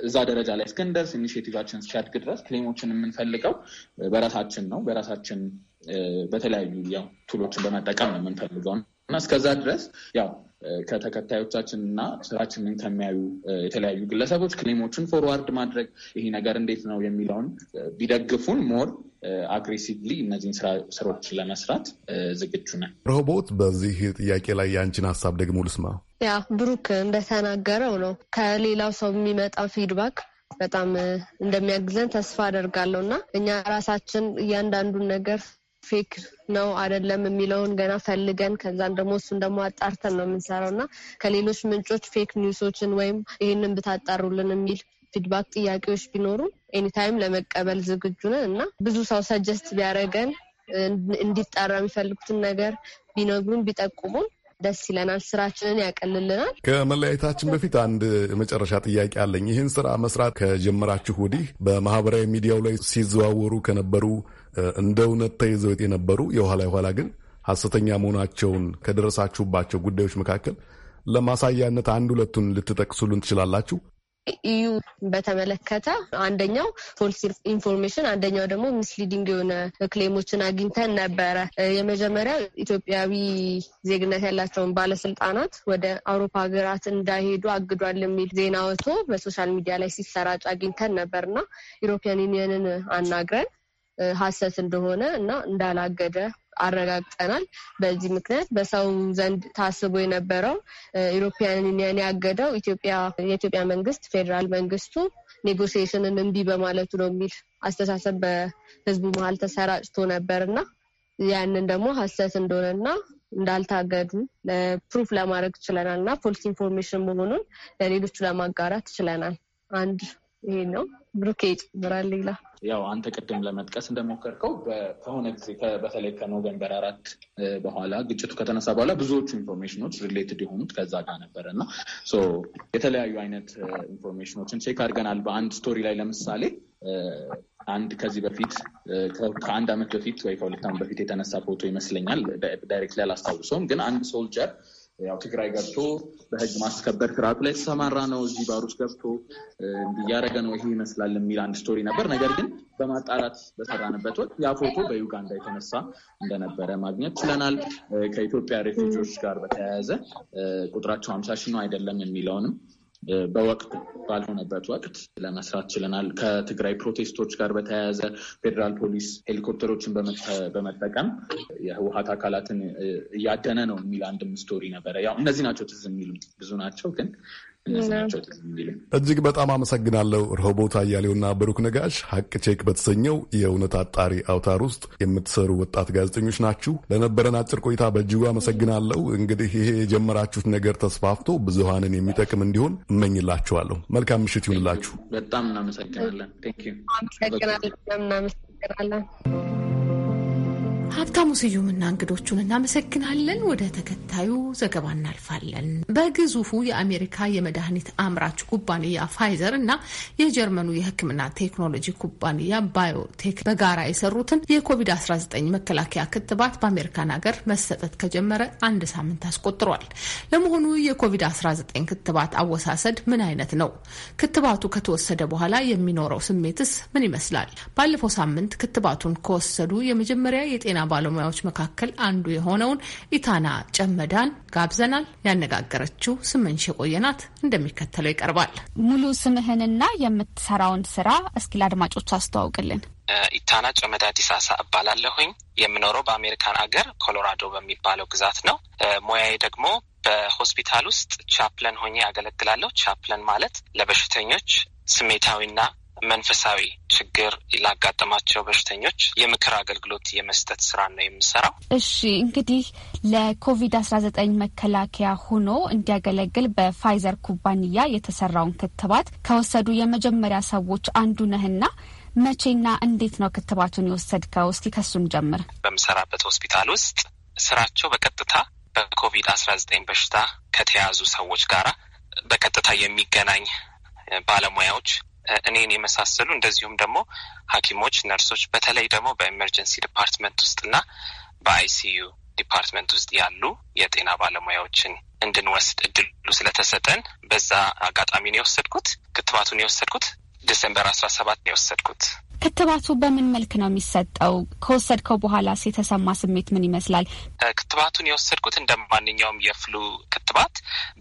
እዛ ደረጃ ላይ እስክንደርስ ኢኒሽቲቫችን እስኪያድግ ድረስ ክሌሞችን የምንፈልገው በራሳችን ነው። በራሳችን በተለያዩ ቱሎችን በመጠቀም ነው የምንፈልገው እና እስከዛ ድረስ ያው ከተከታዮቻችን እና ስራችንን ከሚያዩ የተለያዩ ግለሰቦች ክሌሞችን ፎርዋርድ ማድረግ ይሄ ነገር እንዴት ነው የሚለውን ቢደግፉን ሞር አግሬሲቭሊ እነዚህን ስራዎች ለመስራት ዝግጁ ነን። ረሆቦት፣ በዚህ ጥያቄ ላይ የአንችን ሀሳብ ደግሞ ልስማ። ያ ብሩክ እንደተናገረው ነው ከሌላው ሰው የሚመጣው ፊድባክ በጣም እንደሚያግዘን ተስፋ አደርጋለሁ እና እኛ ራሳችን እያንዳንዱን ነገር ፌክ ነው አይደለም የሚለውን ገና ፈልገን ከዛን ደግሞ እሱን ደግሞ አጣርተን ነው የምንሰራው እና ከሌሎች ምንጮች ፌክ ኒውሶችን ወይም ይህንን ብታጣሩልን የሚል ፊድባክ ጥያቄዎች ቢኖሩ ኤኒታይም ለመቀበል ዝግጁ ነን እና ብዙ ሰው ሰጀስት ቢያደርገን እንዲጣራ የሚፈልጉትን ነገር ቢነግሩን ቢጠቁሙን ደስ ይለናል። ስራችንን ያቀልልናል። ከመለያየታችን በፊት አንድ መጨረሻ ጥያቄ አለኝ። ይህን ስራ መስራት ከጀመራችሁ ወዲህ በማህበራዊ ሚዲያው ላይ ሲዘዋወሩ ከነበሩ እንደ እውነት ተይዘው የነበሩ የኋላ የኋላ ግን ሐሰተኛ መሆናቸውን ከደረሳችሁባቸው ጉዳዮች መካከል ለማሳያነት አንድ ሁለቱን ልትጠቅሱልን ትችላላችሁ? ኢዩ በተመለከተ አንደኛው ፎልስ ኢንፎርሜሽን፣ አንደኛው ደግሞ ሚስሊዲንግ የሆነ ክሌሞችን አግኝተን ነበረ። የመጀመሪያው ኢትዮጵያዊ ዜግነት ያላቸውን ባለስልጣናት ወደ አውሮፓ ሀገራት እንዳይሄዱ አግዷል የሚል ዜና ወጥቶ በሶሻል ሚዲያ ላይ ሲሰራጭ አግኝተን ነበር እና ኢሮፒያን ዩኒየንን አናግረን ሀሰት እንደሆነ እና እንዳላገደ አረጋግጠናል። በዚህ ምክንያት በሰው ዘንድ ታስቦ የነበረው ኢሮፓያን ዩኒየን ያገደው የኢትዮጵያ መንግስት ፌዴራል መንግስቱ ኔጎሲዬሽንን እምቢ በማለቱ ነው የሚል አስተሳሰብ በህዝቡ መሀል ተሰራጭቶ ነበር እና ያንን ደግሞ ሀሰት እንደሆነ እና እንዳልታገዱ ፕሩፍ ለማድረግ ችለናል እና ፖሊስ ኢንፎርሜሽን መሆኑን ለሌሎቹ ለማጋራት ችለናል። አንድ ይሄ ነው ብሩኬ ጨምራል። ሌላ ያው አንተ ቅድም ለመጥቀስ እንደሞከርከው ከሆነ ጊዜ በተለይ ከኖቨምበር አራት በኋላ ግጭቱ ከተነሳ በኋላ ብዙዎቹ ኢንፎርሜሽኖች ሪሌትድ የሆኑት ከዛ ጋር ነበረ እና የተለያዩ አይነት ኢንፎርሜሽኖችን ቼክ አድርገናል። በአንድ ስቶሪ ላይ ለምሳሌ አንድ ከዚህ በፊት ከአንድ ዓመት በፊት ወይ ከሁለት ዓመት በፊት የተነሳ ፎቶ ይመስለኛል። ዳይሬክት ላይ አላስታውሰውም፣ ግን አንድ ሶልጀር ያው ትግራይ ገብቶ በህግ ማስከበር ስርዓቱ ላይ የተሰማራ ነው። እዚህ ባሩስ ገብቶ እያደረገ ነው ይሄ ይመስላል የሚል አንድ ስቶሪ ነበር። ነገር ግን በማጣራት በሰራንበት ወቅት ያ ፎቶ በዩጋንዳ የተነሳ እንደነበረ ማግኘት ችለናል። ከኢትዮጵያ ሬፊጂዎች ጋር በተያያዘ ቁጥራቸው ሀምሳ ሺህ ነው አይደለም የሚለውንም በወቅቱ ባልሆነበት ወቅት ለመስራት ችለናል። ከትግራይ ፕሮቴስቶች ጋር በተያያዘ ፌዴራል ፖሊስ ሄሊኮፕተሮችን በመጠቀም የህወሀት አካላትን እያደነ ነው የሚል አንድም ስቶሪ ነበረ። ያው እነዚህ ናቸው ትዝ የሚሉ ብዙ ናቸው ግን እጅግ በጣም አመሰግናለሁ። ረሆቦት አያሌውና ብሩክ ነጋሽ ሀቅ ቼክ በተሰኘው የእውነት አጣሪ አውታር ውስጥ የምትሰሩ ወጣት ጋዜጠኞች ናችሁ። ለነበረን አጭር ቆይታ በእጅጉ አመሰግናለሁ። እንግዲህ ይሄ የጀመራችሁት ነገር ተስፋፍቶ ብዙሃንን የሚጠቅም እንዲሆን እመኝላችኋለሁ። መልካም ምሽት ይሁንላችሁ። በጣም እናመሰግናለን። ሀብታሙ ስዩምና እንግዶቹን እናመሰግናለን። ወደ ተከታዩ ዘገባ እናልፋለን። በግዙፉ የአሜሪካ የመድኃኒት አምራች ኩባንያ ፋይዘር እና የጀርመኑ የሕክምና ቴክኖሎጂ ኩባንያ ባዮቴክ በጋራ የሰሩትን የኮቪድ-19 መከላከያ ክትባት በአሜሪካን ሀገር መሰጠት ከጀመረ አንድ ሳምንት አስቆጥሯል። ለመሆኑ የኮቪድ-19 ክትባት አወሳሰድ ምን አይነት ነው? ክትባቱ ከተወሰደ በኋላ የሚኖረው ስሜትስ ምን ይመስላል? ባለፈው ሳምንት ክትባቱን ከወሰዱ የመጀመሪያ የጤና ከጤና ባለሙያዎች መካከል አንዱ የሆነውን ኢታና ጨመዳን ጋብዘናል። ያነጋገረችው ስምን የቆየናት እንደሚከተለው ይቀርባል። ሙሉ ስምህንና የምትሰራውን ስራ እስኪ ለአድማጮች አስተዋውቅልን። ኢታና ጨመዳ ዲሳሳ እባላለሁኝ። የምኖረው በአሜሪካን አገር ኮሎራዶ በሚባለው ግዛት ነው። ሙያዬ ደግሞ በሆስፒታል ውስጥ ቻፕለን ሆኜ ያገለግላለሁ። ቻፕለን ማለት ለበሽተኞች ስሜታዊና መንፈሳዊ ችግር ላጋጠማቸው በሽተኞች የምክር አገልግሎት የመስጠት ስራ ነው የምሰራው። እሺ እንግዲህ ለኮቪድ አስራ ዘጠኝ መከላከያ ሆኖ እንዲያገለግል በፋይዘር ኩባንያ የተሰራውን ክትባት ከወሰዱ የመጀመሪያ ሰዎች አንዱ ነህና መቼና እንዴት ነው ክትባቱን የወሰድከው? እስቲ ከሱን ጀምር። በምሰራበት ሆስፒታል ውስጥ ስራቸው በቀጥታ በኮቪድ አስራ ዘጠኝ በሽታ ከተያዙ ሰዎች ጋራ በቀጥታ የሚገናኝ ባለሙያዎች እኔን የመሳሰሉ እንደዚሁም ደግሞ ሐኪሞች፣ ነርሶች በተለይ ደግሞ በኤመርጀንሲ ዲፓርትመንት ውስጥና በአይሲዩ ዲፓርትመንት ውስጥ ያሉ የጤና ባለሙያዎችን እንድንወስድ እድሉ ስለተሰጠን በዛ አጋጣሚ ነው የወሰድኩት። ክትባቱን የወሰድኩት ዲሴምበር አስራ ሰባት ነው የወሰድኩት። ክትባቱ በምን መልክ ነው የሚሰጠው? ከወሰድከው በኋላ የተሰማ ስሜት ምን ይመስላል? ክትባቱን የወሰድኩት እንደ ማንኛውም የፍሉ ክትባት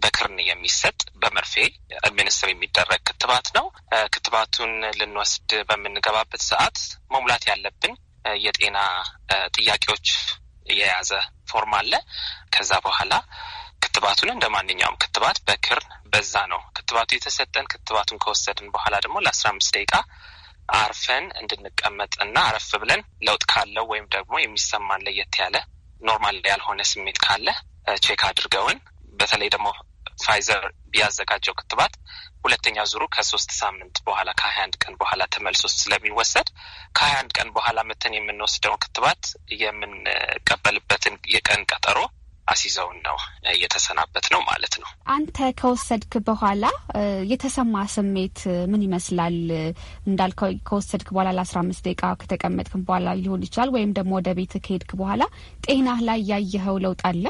በክርን የሚሰጥ በመርፌ ሚኒስትር የሚደረግ ክትባት ነው። ክትባቱን ልንወስድ በምንገባበት ሰዓት መሙላት ያለብን የጤና ጥያቄዎች የያዘ ፎርም አለ። ከዛ በኋላ ክትባቱን እንደ ማንኛውም ክትባት በክርን በዛ ነው ክትባቱ የተሰጠን። ክትባቱን ከወሰድን በኋላ ደግሞ ለአስራ አምስት ደቂቃ አርፈን እንድንቀመጥ እና አረፍ ብለን ለውጥ ካለው ወይም ደግሞ የሚሰማን ለየት ያለ ኖርማል ያልሆነ ስሜት ካለ ቼክ አድርገውን በተለይ ደግሞ ፋይዘር ቢያዘጋጀው ክትባት ሁለተኛ ዙሩ ከሶስት ሳምንት በኋላ ከሀያ አንድ ቀን በኋላ ተመልሶ ስለሚወሰድ ከሀያ አንድ ቀን በኋላ ምትን የምንወስደውን ክትባት የምንቀበልበትን የቀን ቀጠሮ አስይዘውን ነው እየተሰናበት ነው ማለት ነው። አንተ ከወሰድክ በኋላ የተሰማ ስሜት ምን ይመስላል? እንዳልከው ከወሰድክ በኋላ ለአስራ አምስት ደቂቃ ከተቀመጥክ በኋላ ሊሆን ይችላል፣ ወይም ደግሞ ወደ ቤት ከሄድክ በኋላ ጤናህ ላይ ያየኸው ለውጥ አለ?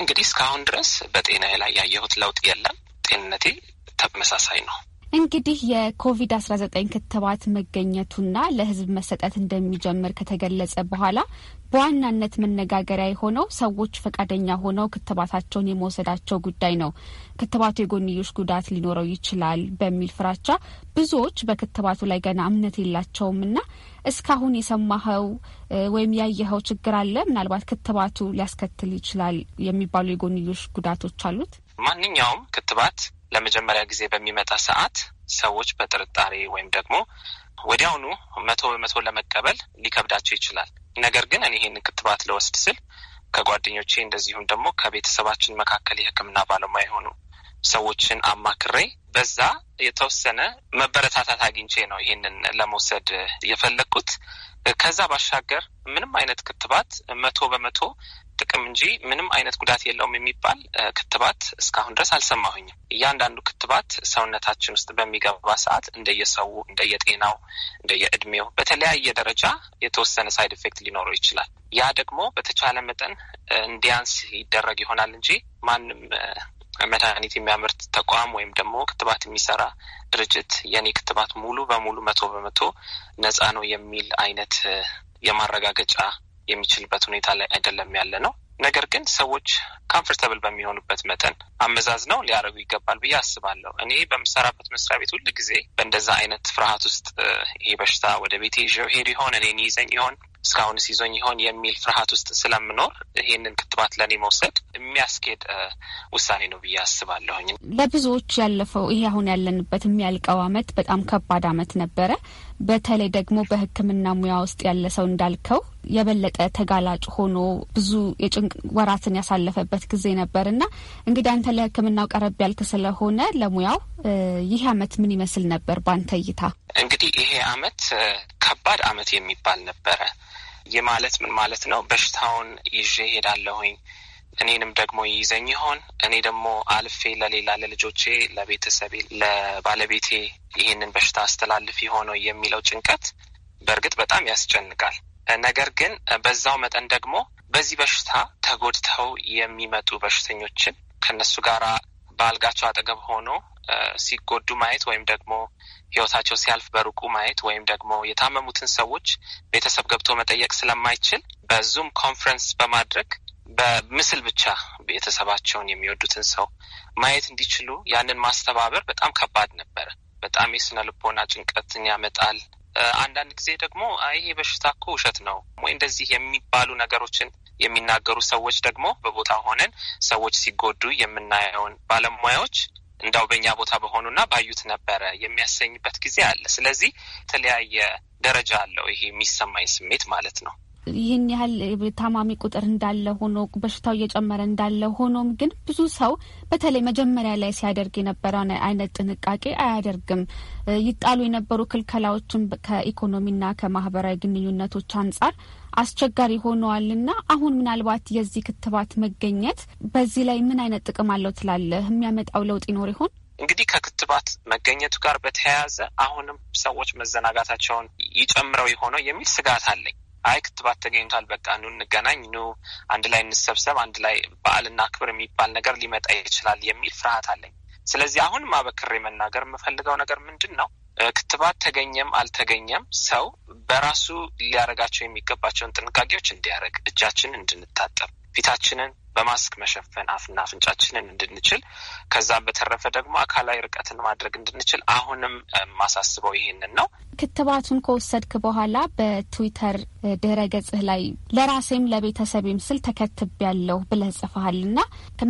እንግዲህ እስካሁን ድረስ በጤናዬ ላይ ያየሁት ለውጥ የለም። ጤንነቴ ተመሳሳይ ነው። እንግዲህ የኮቪድ-19 ክትባት መገኘቱና ለሕዝብ መሰጠት እንደሚጀምር ከተገለጸ በኋላ በዋናነት መነጋገሪያ የሆነው ሰዎች ፈቃደኛ ሆነው ክትባታቸውን የመውሰዳቸው ጉዳይ ነው። ክትባቱ የጎንዮሽ ጉዳት ሊኖረው ይችላል በሚል ፍራቻ ብዙዎች በክትባቱ ላይ ገና እምነት የላቸውም እና እስካሁን የሰማኸው ወይም ያየኸው ችግር አለ? ምናልባት ክትባቱ ሊያስከትል ይችላል የሚባሉ የጎንዮሽ ጉዳቶች አሉት? ማንኛውም ክትባት ለመጀመሪያ ጊዜ በሚመጣ ሰዓት ሰዎች በጥርጣሬ ወይም ደግሞ ወዲያውኑ መቶ በመቶ ለመቀበል ሊከብዳቸው ይችላል። ነገር ግን እኔ ይህን ክትባት ለወስድ ስል ከጓደኞቼ እንደዚሁም ደግሞ ከቤተሰባችን መካከል የሕክምና ባለሙያ የሆኑ ሰዎችን አማክሬ በዛ የተወሰነ መበረታታት አግኝቼ ነው ይሄንን ለመውሰድ የፈለግኩት። ከዛ ባሻገር ምንም አይነት ክትባት መቶ በመቶ ጥቅም እንጂ ምንም አይነት ጉዳት የለውም የሚባል ክትባት እስካሁን ድረስ አልሰማሁኝም። እያንዳንዱ ክትባት ሰውነታችን ውስጥ በሚገባ ሰዓት እንደየሰው፣ እንደየጤናው፣ እንደየእድሜው በተለያየ ደረጃ የተወሰነ ሳይድ ኢፌክት ሊኖረው ይችላል። ያ ደግሞ በተቻለ መጠን እንዲያንስ ይደረግ ይሆናል እንጂ ማንም መድኃኒት የሚያመርት ተቋም ወይም ደግሞ ክትባት የሚሰራ ድርጅት የኔ ክትባት ሙሉ በሙሉ መቶ በመቶ ነፃ ነው የሚል አይነት የማረጋገጫ የሚችልበት ሁኔታ ላይ አይደለም ያለ ነው። ነገር ግን ሰዎች ካምፈርተብል በሚሆኑበት መጠን አመዛዝ ነው ሊያደርጉ ይገባል ብዬ አስባለሁ። እኔ በምሰራበት መስሪያ ቤት ሁል ጊዜ በእንደዛ አይነት ፍርሃት ውስጥ ይሄ በሽታ ወደ ቤት ይዤው ሄድ ይሆን እኔን ይዘኝ ይሆን እስካሁን ይዞኝ ይሆን የሚል ፍርሃት ውስጥ ስለምኖር ይሄንን ክትባት ለእኔ መውሰድ የሚያስኬድ ውሳኔ ነው ብዬ አስባለሁኝ። ለብዙዎች ያለፈው ይሄ አሁን ያለንበት የሚያልቀው አመት በጣም ከባድ አመት ነበረ። በተለይ ደግሞ በሕክምና ሙያ ውስጥ ያለ ሰው እንዳልከው የበለጠ ተጋላጭ ሆኖ ብዙ የጭንቅ ወራትን ያሳለፈበት ጊዜ ነበር እና እንግዲህ አንተ ለሕክምናው ቀረብ ያልክ ስለሆነ ለሙያው ይህ አመት ምን ይመስል ነበር በአንተ እይታ? እንግዲህ ይሄ አመት ከባድ አመት የሚባል ነበረ። ይህ ማለት ምን ማለት ነው? በሽታውን ይዤ ሄዳለሁኝ እኔንም ደግሞ ይይዘኝ ይሆን? እኔ ደግሞ አልፌ ለሌላ ለልጆቼ፣ ለቤተሰቤ፣ ለባለቤቴ ይህንን በሽታ አስተላልፍ የሆነው የሚለው ጭንቀት በእርግጥ በጣም ያስጨንቃል። ነገር ግን በዛው መጠን ደግሞ በዚህ በሽታ ተጎድተው የሚመጡ በሽተኞችን ከነሱ ጋር በአልጋቸው አጠገብ ሆኖ ሲጎዱ ማየት ወይም ደግሞ ሕይወታቸው ሲያልፍ በሩቁ ማየት ወይም ደግሞ የታመሙትን ሰዎች ቤተሰብ ገብቶ መጠየቅ ስለማይችል በዙም ኮንፈረንስ በማድረግ በምስል ብቻ ቤተሰባቸውን የሚወዱትን ሰው ማየት እንዲችሉ ያንን ማስተባበር በጣም ከባድ ነበረ። በጣም የስነ ልቦና ጭንቀትን ያመጣል። አንዳንድ ጊዜ ደግሞ ይሄ በሽታ እኮ ውሸት ነው ወይ እንደዚህ የሚባሉ ነገሮችን የሚናገሩ ሰዎች ደግሞ በቦታ ሆነን ሰዎች ሲጎዱ የምናየውን ባለሙያዎች እንዳው በእኛ ቦታ በሆኑና ባዩት ነበረ የሚያሰኝበት ጊዜ አለ። ስለዚህ የተለያየ ደረጃ አለው ይሄ የሚሰማኝ ስሜት ማለት ነው። ይህን ያህል ታማሚ ቁጥር እንዳለ ሆኖ በሽታው እየጨመረ እንዳለ ሆኖም ግን ብዙ ሰው በተለይ መጀመሪያ ላይ ሲያደርግ የነበረውን አይነት ጥንቃቄ አያደርግም። ይጣሉ የነበሩ ክልከላዎችን ከኢኮኖሚና ከማህበራዊ ግንኙነቶች አንጻር አስቸጋሪ ሆነዋልና አሁን ምናልባት የዚህ ክትባት መገኘት በዚህ ላይ ምን አይነት ጥቅም አለው ትላለህ? የሚያመጣው ለውጥ ይኖር ይሆን? እንግዲህ ከክትባት መገኘቱ ጋር በተያያዘ አሁንም ሰዎች መዘናጋታቸውን ይጨምረው የሆነው የሚል ስጋት አለኝ። አይ ክትባት ተገኝቷል፣ በቃ ኑ እንገናኝ፣ ኑ አንድ ላይ እንሰብሰብ፣ አንድ ላይ በዓልና ክብር የሚባል ነገር ሊመጣ ይችላል የሚል ፍርሃት አለኝ። ስለዚህ አሁን ማበክሬ መናገር የምፈልገው ነገር ምንድን ነው? ክትባት ተገኘም አልተገኘም ሰው በራሱ ሊያደርጋቸው የሚገባቸውን ጥንቃቄዎች እንዲያደርግ፣ እጃችን እንድንታጠብ፣ ፊታችንን በማስክ መሸፈን አፍና አፍንጫችንን እንድንችል ከዛ በተረፈ ደግሞ አካላዊ ርቀትን ማድረግ እንድንችል አሁንም ማሳስበው ይህንን ነው። ክትባቱን ከወሰድክ በኋላ በትዊተር ድረ ገጽህ ላይ ለራሴም ለቤተሰቤም ስል ያለው ብለህ ጽፈሃል እና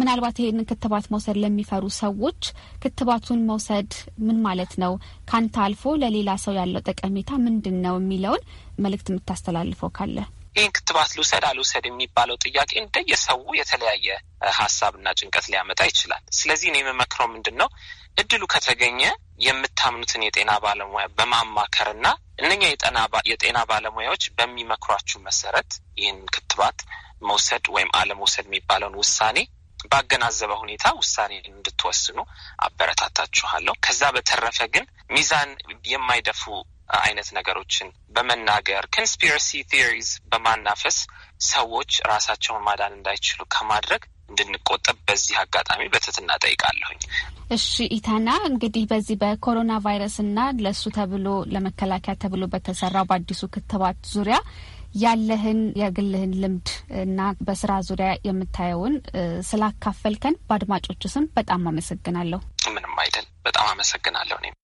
ምናልባት ይህንን ክትባት መውሰድ ለሚፈሩ ሰዎች ክትባቱን መውሰድ ምን ማለት ነው፣ ካንተ አልፎ ለሌላ ሰው ያለው ጠቀሜታ ምንድን ነው የሚለውን መልእክት የምታስተላልፈው ካለ ይህን ክትባት ልውሰድ አልውሰድ የሚባለው ጥያቄ እንደየሰው የተለያየ ሀሳብና ጭንቀት ሊያመጣ ይችላል። ስለዚህ እኔ የምመክረው ምንድን ነው እድሉ ከተገኘ የምታምኑትን የጤና ባለሙያ በማማከር እና እነኛ የጤና ባለሙያዎች በሚመክሯችሁ መሰረት ይህን ክትባት መውሰድ ወይም አለመውሰድ የሚባለውን ውሳኔ ባገናዘበ ሁኔታ ውሳኔ እንድትወስኑ አበረታታችኋለሁ። ከዛ በተረፈ ግን ሚዛን የማይደፉ አይነት ነገሮችን በመናገር ኮንስፒረሲ ቲዮሪዝ በማናፈስ ሰዎች ራሳቸውን ማዳን እንዳይችሉ ከማድረግ እንድንቆጠብ በዚህ አጋጣሚ በትህትና ጠይቃለሁኝ። እሺ ኢታና፣ እንግዲህ በዚህ በኮሮና ቫይረስና ለሱ ተብሎ ለመከላከያ ተብሎ በተሰራው በአዲሱ ክትባት ዙሪያ ያለህን የግልህን ልምድ እና በስራ ዙሪያ የምታየውን ስላካፈልከን በአድማጮቹ ስም በጣም አመሰግናለሁ። ምንም አይደል። በጣም አመሰግናለሁ እኔም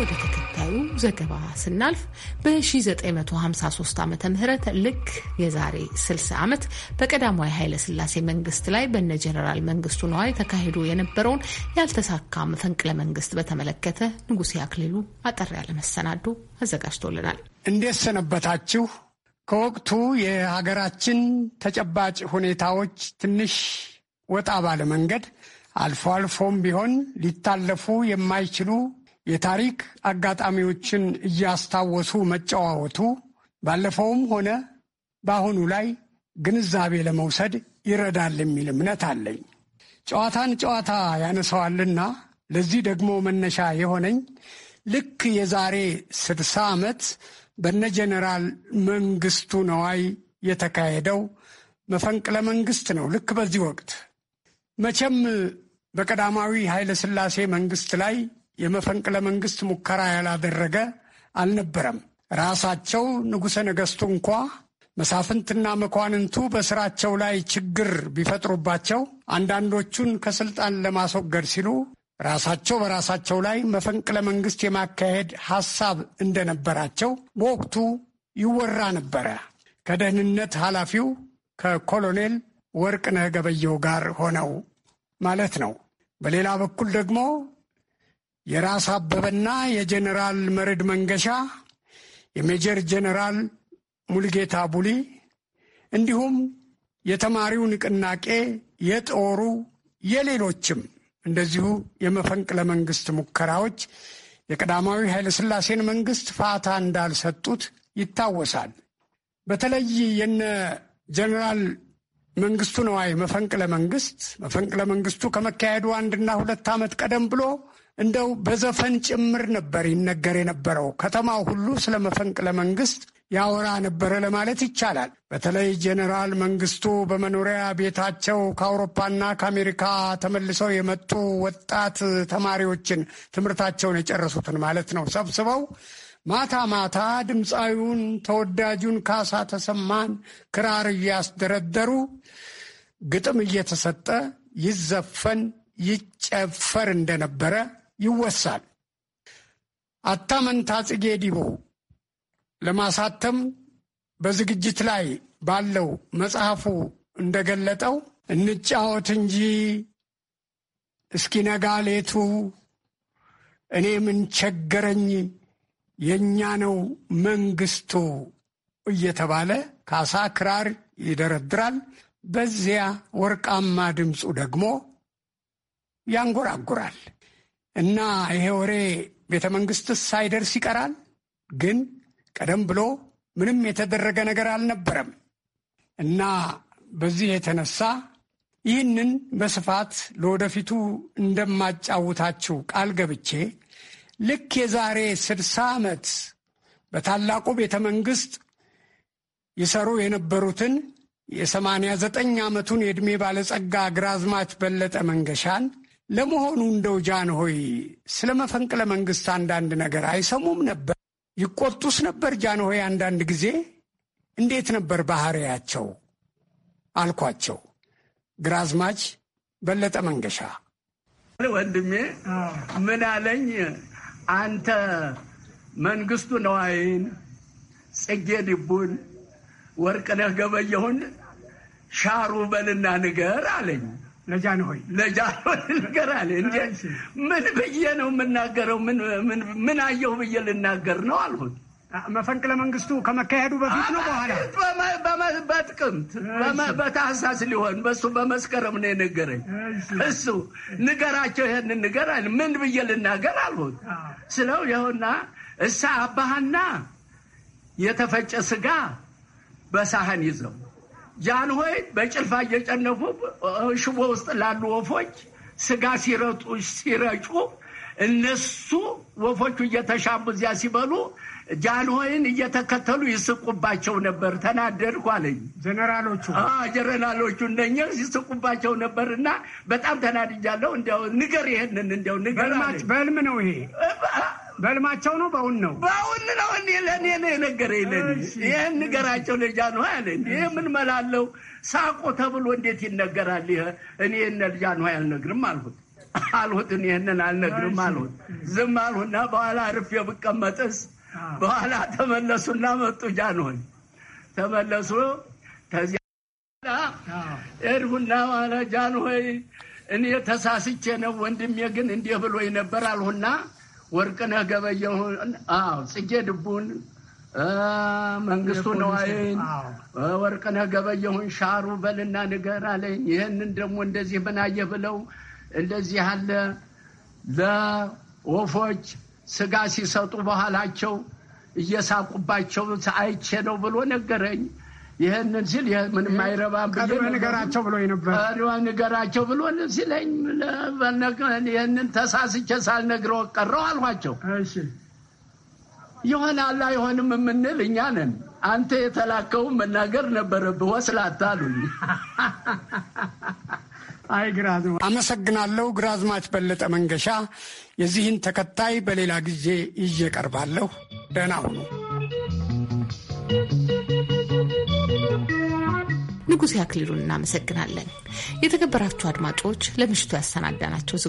ወደ ተከታዩ ዘገባ ስናልፍ በ1953 ዓ ም ልክ የዛሬ 60 ዓመት በቀዳማዊ ኃይለስላሴ መንግስት ላይ በነ ጀነራል መንግስቱ ነዋይ ተካሂዶ የነበረውን ያልተሳካ መፈንቅለ መንግስት በተመለከተ ንጉሴ አክሊሉ አጠር ያለ መሰናዶ አዘጋጅቶልናል። እንዴት ሰነበታችሁ? ከወቅቱ የሀገራችን ተጨባጭ ሁኔታዎች ትንሽ ወጣ ባለ መንገድ አልፎ አልፎም ቢሆን ሊታለፉ የማይችሉ የታሪክ አጋጣሚዎችን እያስታወሱ መጨዋወቱ ባለፈውም ሆነ በአሁኑ ላይ ግንዛቤ ለመውሰድ ይረዳል የሚል እምነት አለኝ። ጨዋታን ጨዋታ ያነሰዋልና ለዚህ ደግሞ መነሻ የሆነኝ ልክ የዛሬ ስድሳ ዓመት በነ ጀኔራል መንግስቱ ነዋይ የተካሄደው መፈንቅለ መንግስት ነው። ልክ በዚህ ወቅት መቼም በቀዳማዊ ኃይለ ሥላሴ መንግስት ላይ የመፈንቅለ መንግስት ሙከራ ያላደረገ አልነበረም። ራሳቸው ንጉሠ ነገሥቱ እንኳ መሳፍንትና መኳንንቱ በሥራቸው ላይ ችግር ቢፈጥሩባቸው አንዳንዶቹን ከሥልጣን ለማስወገድ ሲሉ ራሳቸው በራሳቸው ላይ መፈንቅለ መንግሥት የማካሄድ ሐሳብ እንደነበራቸው በወቅቱ ይወራ ነበረ። ከደህንነት ኃላፊው ከኮሎኔል ወርቅነህ ገበየው ጋር ሆነው ማለት ነው። በሌላ በኩል ደግሞ የራስ አበበና የጀኔራል መርድ መንገሻ፣ የሜጀር ጀኔራል ሙልጌታ ቡሊ እንዲሁም የተማሪው ንቅናቄ፣ የጦሩ፣ የሌሎችም እንደዚሁ የመፈንቅለ መንግስት ሙከራዎች የቀዳማዊ ኃይለሥላሴን መንግስት ፋታ እንዳልሰጡት ይታወሳል። በተለይ የነ ጀኔራል መንግስቱ ነዋይ መፈንቅለ መንግስት መፈንቅለ መንግስቱ ከመካሄዱ አንድና ሁለት ዓመት ቀደም ብሎ እንደው በዘፈን ጭምር ነበር ይነገር የነበረው። ከተማው ሁሉ ስለ መፈንቅለ መንግስት ያወራ ነበረ ለማለት ይቻላል። በተለይ ጄኔራል መንግስቱ በመኖሪያ ቤታቸው ከአውሮፓና ከአሜሪካ ተመልሰው የመጡ ወጣት ተማሪዎችን ትምህርታቸውን የጨረሱትን ማለት ነው ሰብስበው ማታ ማታ ድምፃዊውን ተወዳጁን ካሳ ተሰማን ክራር እያስደረደሩ ግጥም እየተሰጠ ይዘፈን ይጨፈር እንደነበረ ይወሳል። አታመንታ ጽጌ ዲቦ ለማሳተም በዝግጅት ላይ ባለው መጽሐፉ እንደገለጠው እንጫወት እንጂ እስኪነጋ ሌቱ እኔ ምን ቸገረኝ የእኛ ነው መንግስቱ እየተባለ ካሳ ክራር ይደረድራል። በዚያ ወርቃማ ድምፁ ደግሞ ያንጎራጉራል። እና ይሄ ወሬ ቤተ መንግስትስ ሳይደርስ ይቀራል። ግን ቀደም ብሎ ምንም የተደረገ ነገር አልነበረም እና በዚህ የተነሳ ይህንን በስፋት ለወደፊቱ እንደማጫውታችሁ ቃል ገብቼ ልክ የዛሬ ስድሳ ዓመት በታላቁ ቤተ መንግስት ይሰሩ የነበሩትን የሰማንያ ዘጠኝ ዓመቱን የዕድሜ ባለጸጋ ግራዝማች በለጠ መንገሻን ለመሆኑ እንደው ጃን ሆይ ስለ መፈንቅለ መንግስት አንዳንድ ነገር አይሰሙም ነበር? ይቆጡስ ነበር? ጃን ሆይ አንዳንድ ጊዜ እንዴት ነበር ባህሪያቸው አልኳቸው። ግራዝማች በለጠ መንገሻ ወንድሜ ምን አለኝ፣ አንተ መንግስቱ ነዋይን፣ ጽጌ ዲቡን፣ ወርቅነህ ገበየሁን ሻሩ በልና ንገር አለኝ። ለጃን ሆይ ለጃን ሆይ አለ እንዴ ምን ብዬ ነው የምናገረው? ምን አየሁ ብዬ ልናገር ነው አልሁት። መፈንቅለ መንግስቱ ከመካሄዱ በፊት ነው በኋላ በጥቅምት በታህሳስ ሊሆን በሱ በመስከረም ነው የነገረኝ። እሱ ንገራቸው፣ ንገር አለ። ምን ብዬ ልናገር አልሁት ስለው ይኸውና እሳ አባሃና የተፈጨ ስጋ በሳህን ይዘው ጃንሆይ በጭልፋ እየጨነፉ ሽቦ ውስጥ ላሉ ወፎች ስጋ ሲረጡ ሲረጩ እነሱ ወፎቹ እየተሻሙ እዚያ ሲበሉ ጃንሆይን እየተከተሉ ይስቁባቸው ነበር። ተናደድኩ አለኝ። ጀነራሎቹ ጀነራሎቹ እነኝህ ሲስቁባቸው ነበር እና በጣም ተናድጃለሁ። እንዲያው ንገር፣ ይሄንን እንዲያው ንገር። በህልም ነው ይሄ በልማቸው ነው በእውን ነው በእውን ነው። እኔ ለእኔ ነው የነገረኝ። ለእኔ ይህን ንገራቸው ልጃ ለጃኑ ያለን ይህ ምን መላለው ሳቆ ተብሎ እንዴት ይነገራል? ይህ እኔ ነ ልጃ ልጃኑ አልነግርም አልሁት አልሁት ይህንን አልነግርም አልሁት። ዝም አልሁና በኋላ አርፌ ብቀመጥስ በኋላ ተመለሱና መጡ ጃንሆን ተመለሱ። ተዚያ እድሁና በኋላ ጃንሆይ እኔ ተሳስቼ ነው ወንድሜ ግን እንዲህ ብሎ ነበር አልሁና ወርቅነህ ገበየሁን፣ አዎ ጽጌ ድቡን፣ መንግስቱ ነዋይን፣ ወርቅነህ ገበየሁን ሻሩ በልና ንገር አለኝ። ይህንን ደግሞ እንደዚህ ብናየ ብለው እንደዚህ አለ። ለወፎች ስጋ ሲሰጡ በኋላቸው እየሳቁባቸው አይቼ ነው ብሎ ነገረኝ። ይህንን ሲል ምንም አይረባ ነገራቸው ብሎ ነበር። ቀድመህ ንገራቸው ብሎ ሲለኝ ይህንን ተሳስቼ ሳልነግረው ቀረው አልኋቸው። ይሆናል አይሆንም የምንል እኛ ነን። አንተ የተላከውን መናገር ነበረብህ ወስላታ አሉኝ። <laughs> አይ ግራዝማች አመሰግናለሁ። ግራዝማች በለጠ መንገሻ የዚህን ተከታይ በሌላ ጊዜ ይዤ ቀርባለሁ። ደህና ሁኑ። ንጉሴ አክሊሉን እናመሰግናለን። የተከበራችሁ አድማጮች ለምሽቱ ያሰናዳናቸው